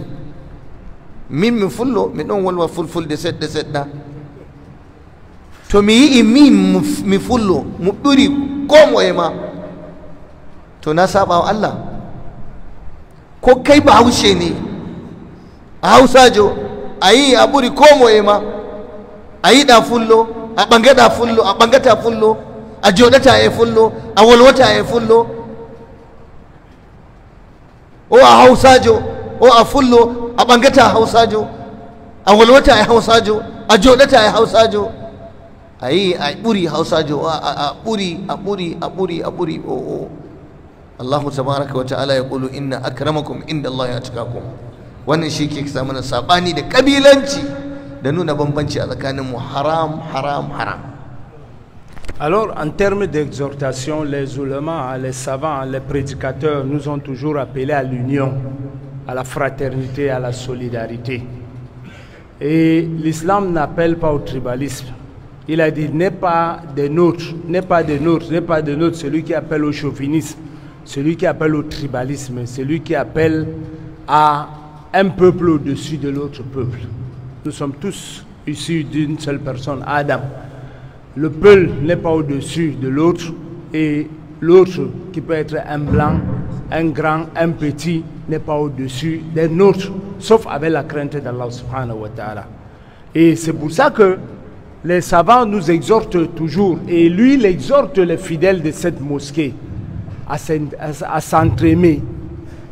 min min fullo mi don walwa fulful da set da set da to mi yi min mi fullo mu ɗuri ko moye ma to na saba wa Allah ko kai ba haushe ne a hausa jo a yi a ɓuri ko moye ma A ayiɗa fullo a ɓangeɗa fullo a ɓangata fullo a joɗata e fullo a wolwata e fullo o a hausajo, o a fullo a ɓangata hausajo, a wolwata e hausajo, a joɗata e hausajo. a yi a ɓuri hausajo, a ɓuri a ɓuri a ɓuri a ɓuri o o allahu tabaraka wa ta'ala ya qulu inna akramakum inda allahi atqakum wannan shi ke samu na saɓani da ƙabilanci Alors, en termes d'exhortation, les ulémas, les savants, les prédicateurs nous ont toujours appelés à l'union, à la fraternité, à la solidarité. Et l'islam n'appelle pas au tribalisme. Il a dit n'est pas de nôtres, n'est pas des nôtres, n'est pas des nôtres, celui qui appelle au chauvinisme, celui qui appelle au tribalisme, celui qui appelle à un peuple au-dessus de l'autre peuple. Nous sommes tous issus d'une seule personne, Adam. Le peuple n'est pas au-dessus de l'autre et l'autre, qui peut être un blanc, un grand, un petit, n'est pas au-dessus d'un autre, sauf avec la crainte d'Allah subhanahu wa ta'ala. Et c'est pour ça que les savants nous exhortent toujours, et lui, il exhorte les fidèles de cette mosquée à s'entraîner,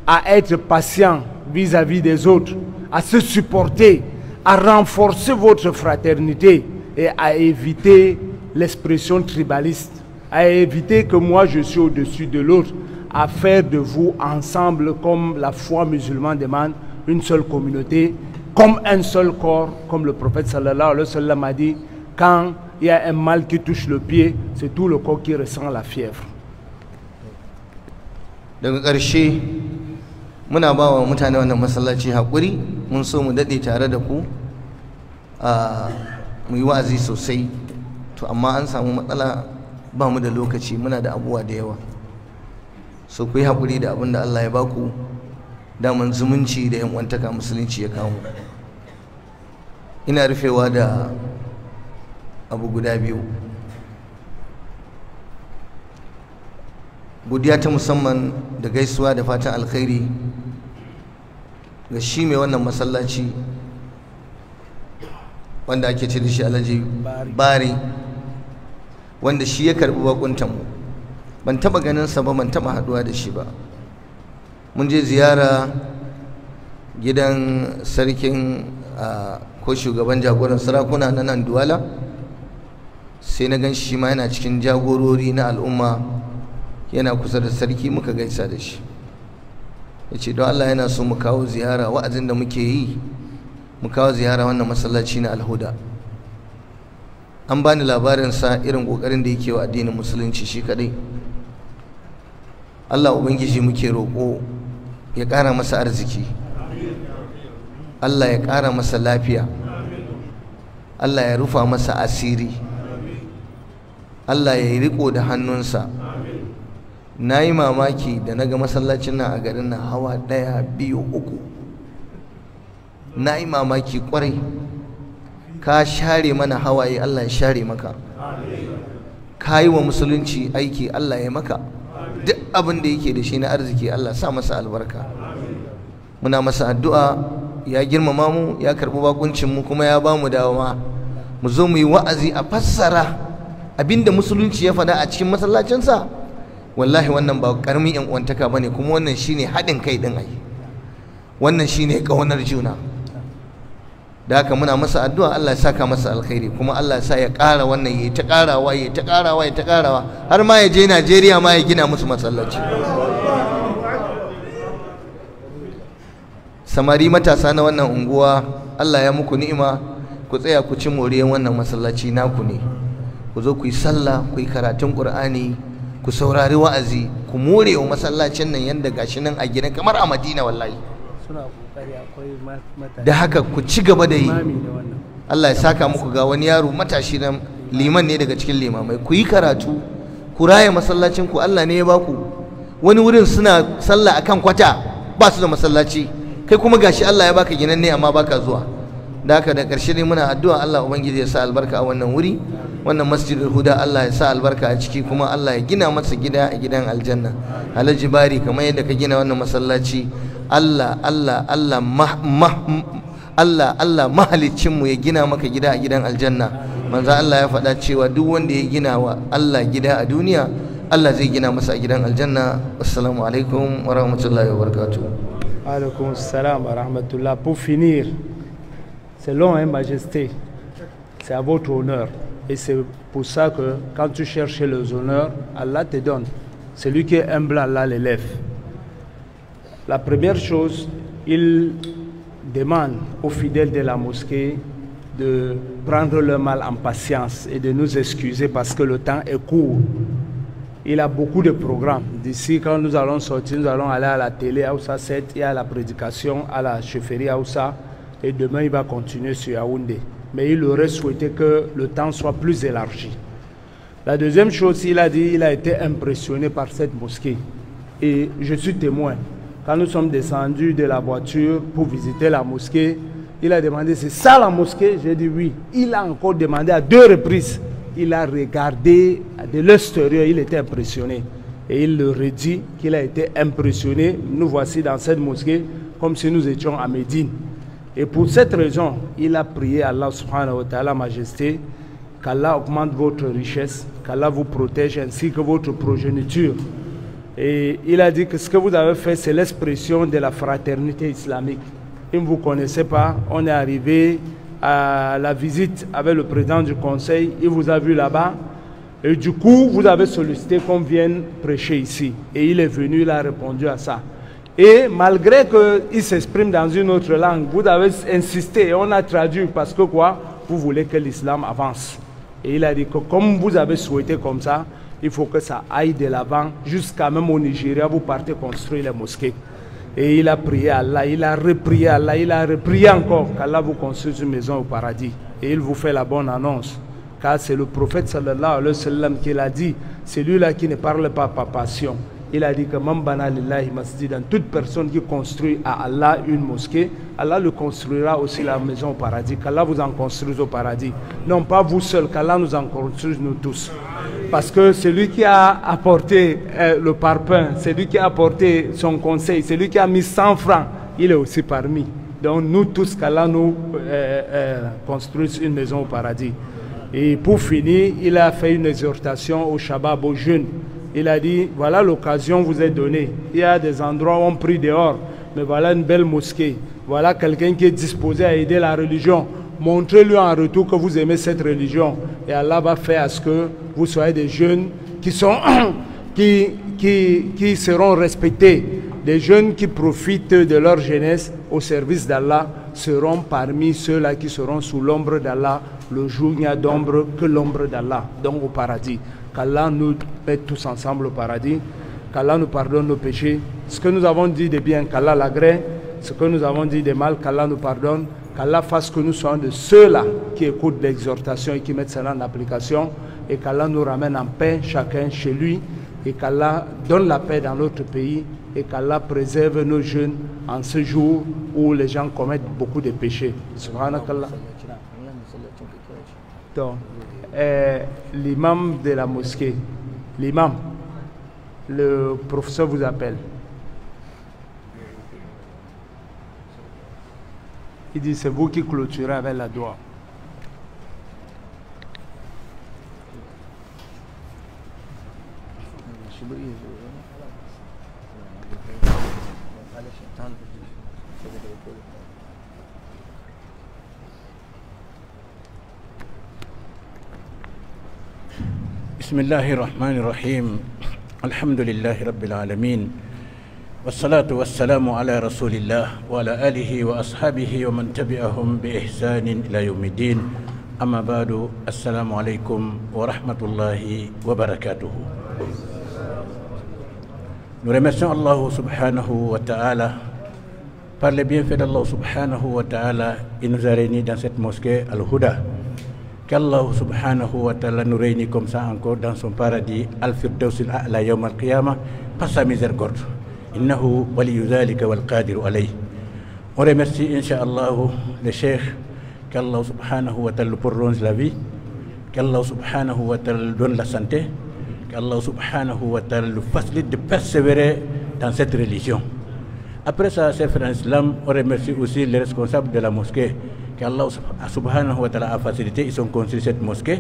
à être patient vis-à-vis des autres, à se supporter à renforcer votre fraternité et à éviter l'expression tribaliste, à éviter que moi je suis au-dessus de l'autre, à faire de vous ensemble, comme la foi musulmane demande, une seule communauté, comme un seul corps, comme le prophète sallallahu alayhi wa sallam a dit, quand il y a un mal qui touche le pied, c'est tout le corps qui ressent la fièvre. muna ba wa mutane wannan masallaci haƙuri mun so mu daɗe tare da ku mu yi wa'azi sosai to amma an samu matsala ba mu da lokaci muna da abubuwa da yawa so ku yi haƙuri da abin da Allah ya baku daman zumunci da yan uwantaka musulunci ya kawo ina rufewa da abu guda biyu godiya ta musamman da gaisuwa da fatan alkhairi ga shi mai wannan masallaci wanda ake ce da shi alhaji bari wanda shi ya karbi bakuntan mu ban taba ganin ba ban taba haduwa da shi ba mun je ziyara gidan sarkin ko shugaban jagoran sarakuna na nan duwala sai na gan shi ma yana cikin jagorori na al'umma yana kusa da sarki muka gaisa da shi ya ce don Allah yana so mu kawo ziyara wa'azin da muke yi mu kawo ziyara wannan masallaci na alhuda an bani labarin sa irin kokarin da yake wa addinin musulunci shi kadai Allah ubangiji muke roƙo ya ƙara masa arziki Allah ya ƙara masa lafiya Allah ya rufa masa asiri Allah ya yi riko da hannunsa na yi mamaki da na ga masallacin nan a garin nan hawa ɗaya biyu uku na yi mamaki kwarai ka share mana hawaye Allah ya share maka ka yi wa musulunci aiki Allah ya maka duk abin da yake da shi na arziki Allah sa masa albarka muna masa addu'a ya girmama mu ya karɓi bakuncin mu kuma ya ba mu dawama mu zo mu yi wa'azi a fassara abinda musulunci ya faɗa a cikin masallacinsa wallahi wannan ba karamin yan uwantaka bane kuma wannan shine haɗin kai din ai wannan shine kaunar juna da haka muna masa addu'a Allah ya saka masa alkhairi kuma Allah ya sa ya ƙara wannan ya ta ƙarawa ya ta ƙarawa ya ta ƙarawa har ma ya je Najeriya ma ya gina musu masallaci samari matasa na wannan unguwa Allah ya muku ni'ima ku tsaya ku ci moriyan wannan masallaci naku ne ku zo ku yi sallah ku yi karatun Qur'ani ku saurari wa'azi ku more wa masallacin nan yadda gashi nan a gina kamar a madina wallahi da haka ku ci gaba da yi Allah ya saka muku ga wani yaro matashi na liman ne daga cikin limamai ku yi karatu ku raya masallacin ku Allah ne ya baku wani wurin suna sallah akan kwata ba su da masallaci kai kuma gashi Allah ya baka ginan ne amma baka zuwa da haka da ƙarshe ne muna addu'a Allah ubangiji ya sa albarka a wannan wuri wannan masjidul huda Allah ya sa albarka a ciki kuma Allah ya gina masa gida a gidan aljanna alhaji bari kamar yadda ka gina wannan masallaci Allah Allah Allah Allah Allah mu ya gina maka gida a gidan aljanna manzo Allah ya faɗa cewa duk wanda ya gina wa Allah gida a duniya Allah zai gina masa a gidan aljanna assalamu alaikum wa rahmatullahi wa barakatuh alaikum assalam wa rahmatullah pour finir selon un hein, majesté. C'est à votre honneur. Et c'est pour ça que quand tu cherches les honneurs, Allah te donne. Celui qui est humble, Allah l'élève. La première chose, il demande aux fidèles de la mosquée de prendre le mal en patience et de nous excuser parce que le temps est court. Il a beaucoup de programmes. D'ici, quand nous allons sortir, nous allons aller à la télé, à Oussa 7, et à la prédication, à la chefferie, à Oussa et demain il va continuer sur Yaoundé. Mais il aurait souhaité que le temps soit plus élargi. La deuxième chose, il a dit, il a été impressionné par cette mosquée. Et je suis témoin. Quand nous sommes descendus de la voiture pour visiter la mosquée, il a demandé, c'est ça la mosquée J'ai dit oui. Il a encore demandé à deux reprises. Il a regardé de l'extérieur, il était impressionné. Et il le dit qu'il a été impressionné. Nous voici dans cette mosquée comme si nous étions à Médine. Et pour cette raison, il a prié Allah subhanahu wa ta'ala, majesté, qu'Allah augmente votre richesse, qu'Allah vous protège ainsi que votre progéniture. Et il a dit que ce que vous avez fait, c'est l'expression de la fraternité islamique. Il ne vous connaissait pas, on est arrivé à la visite avec le président du conseil, il vous a vu là-bas. Et du coup, vous avez sollicité qu'on vienne prêcher ici. Et il est venu, il a répondu à ça. Et malgré qu'il s'exprime dans une autre langue, vous avez insisté et on a traduit parce que quoi Vous voulez que l'islam avance. Et il a dit que comme vous avez souhaité comme ça, il faut que ça aille de l'avant jusqu'à même au Nigeria, vous partez construire les mosquées. Et il a prié Allah, il a reprié Allah, il a reprié encore qu'Allah vous construise une maison au paradis. Et il vous fait la bonne annonce. Car c'est le prophète sallallahu alayhi wa sallam qui l'a dit, celui-là qui ne parle pas par passion. Il a dit que m'a dit dans toute personne qui construit à Allah une mosquée, Allah le construira aussi la maison au paradis. Qu'Allah vous en construise au paradis. Non pas vous seul, qu'Allah nous en construise nous tous. Parce que celui qui a apporté euh, le parpaing, celui qui a apporté son conseil, celui qui a mis 100 francs, il est aussi parmi. Donc nous tous, qu'Allah nous euh, euh, construise une maison au paradis. Et pour finir, il a fait une exhortation au Shabbat aux jeunes. Il a dit, voilà l'occasion vous est donnée. Il y a des endroits où on prie dehors, mais voilà une belle mosquée. Voilà quelqu'un qui est disposé à aider la religion. Montrez-lui en retour que vous aimez cette religion. Et Allah va faire à ce que vous soyez des jeunes qui, sont qui, qui, qui seront respectés. Des jeunes qui profitent de leur jeunesse au service d'Allah seront parmi ceux-là qui seront sous l'ombre d'Allah le jour il n'y a d'ombre que l'ombre d'Allah, donc au paradis qu'Allah nous mette tous ensemble au paradis, qu'Allah nous pardonne nos péchés, ce que nous avons dit de bien, qu'Allah l'agrée, ce que nous avons dit de mal, qu'Allah nous pardonne, qu'Allah fasse que nous soyons de ceux-là qui écoutent l'exhortation et qui mettent cela en application, et qu'Allah nous ramène en paix chacun chez lui, et qu'Allah donne la paix dans notre pays, et qu'Allah préserve nos jeunes en ce jour où les gens commettent beaucoup de péchés. Subhanakallah. Donc, l'imam de la mosquée, l'imam, le professeur vous appelle. Il dit, c'est vous qui clôturez avec la doigt. بسم الله الرحمن الرحيم الحمد لله رب العالمين والصلاة والسلام على رسول الله وعلى آله وأصحابه ومن تبعهم بإحسان إلى يوم الدين أما بعد السلام عليكم ورحمة الله وبركاته نرمس الله سبحانه وتعالى wa ta'ala par سبحانه وتعالى d'Allah subhanahu wa ta'ala il nous a réunis dans cette mosquée Al-Huda qu'Allah subhanahu wa ta'ala nous réunit comme ça encore dans son paradis al al a'la yawm al-qiyamah par sa miséricorde innahu waliyu dhalika wal qadiru alayh on remercie inch'Allah le cheikh qu'Allah subhanahu wa ta'ala prolonge la vie qu'Allah subhanahu wa ta'ala donne la santé qu'Allah subhanahu wa ta'ala nous facilite de persévérer dans cette religion après ça c'est frères l'islam on remercie aussi les responsables de la mosquée qu'Allah subhanahu wa ta'ala a facilité, ils ont construit cette mosquée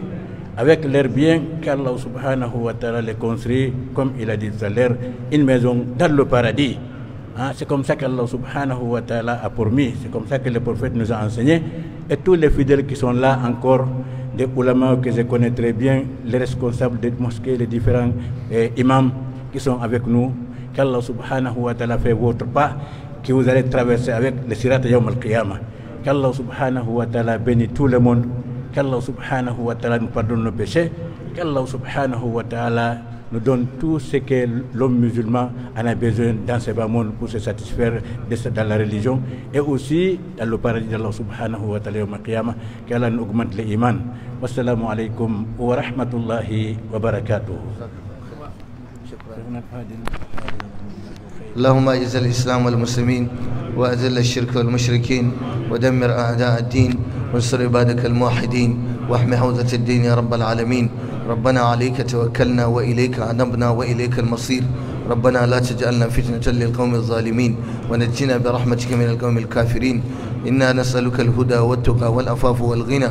avec leurs biens qu'Allah subhanahu wa ta'ala les construit, comme il a dit tout à l'heure, une maison dans le paradis. Hein, c'est comme ça qu'Allah subhanahu wa ta'ala a promis, c'est comme ça que le prophète nous a enseigné. Et tous les fidèles qui sont là encore, des ulama que je connais très bien, les responsables des mosquées, les différents eh, imams qui sont avec nous, qu'Allah subhanahu wa ta'ala fait votre pas, que vous allez traverser avec le sirat yawm al-qiyamah. qu'Allah subhanahu wa ta'ala bénisse tout le monde, qu'Allah subhanahu wa ta'ala nous pardonne nos péchés, qu'Allah subhanahu wa ta'ala nous donne tout ce que l'homme musulman en a besoin dans ce bas monde pour se satisfaire de ce, dans la religion et aussi dans le paradis d'Allah subhanahu wa ta'ala au qiyamah qu'Allah nous augmente l'iman. Wassalamu alaikum wa rahmatullahi wa barakatuh. اللهم اعز الاسلام والمسلمين واذل الشرك والمشركين ودمر اعداء الدين وانصر عبادك الموحدين واحم حوزه الدين يا رب العالمين ربنا عليك توكلنا واليك انبنا واليك المصير ربنا لا تجعلنا فتنة للقوم الظالمين ونجنا برحمتك من القوم الكافرين إنا نسألك الهدى والتقى والأفاف والغنى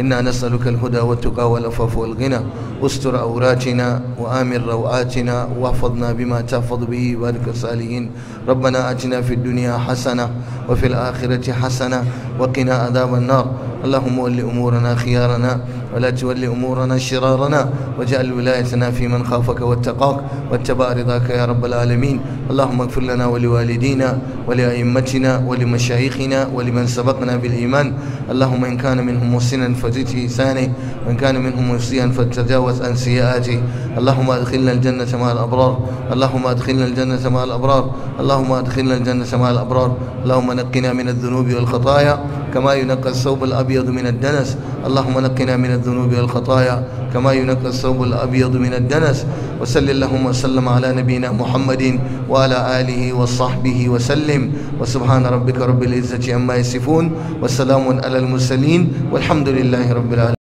إنا نسألك الهدى والتقى والأفاف والغنى استر أوراتنا وآمن روآتنا واحفظنا بما تحفظ به بارك الصالحين ربنا أتنا في الدنيا حسنة وفي الآخرة حسنة وقنا عذاب النار اللهم ول أمورنا خيارنا ولا تولي أمورنا شرارنا واجعل ولايتنا في من خافك واتقاك واتبع رضاك يا رب العالمين اللهم اغفر لنا ولوالدينا ولأئمتنا ولمشايخنا ولمن سبقنا بالإيمان اللهم إن كان منهم مسنا فزد إحسانه وإن كان منهم مسيئا فتجاوز عن سيئاته اللهم أدخلنا الجنة مع الأبرار اللهم أدخلنا الجنة مع الأبرار اللهم أدخلنا الجنة مع الأبرار اللهم نقنا من الذنوب والخطايا كما ينقى الثوب الأبيض من الدنس اللهم نقنا من الذنوب والخطايا كما ينقى الثوب الأبيض من الدنس وسل اللهم وسلم على نبينا محمد وعلى آله وصحبه وسلم وسبحان ربك رب العزة عما يصفون وسلام على المرسلين والحمد لله رب العالمين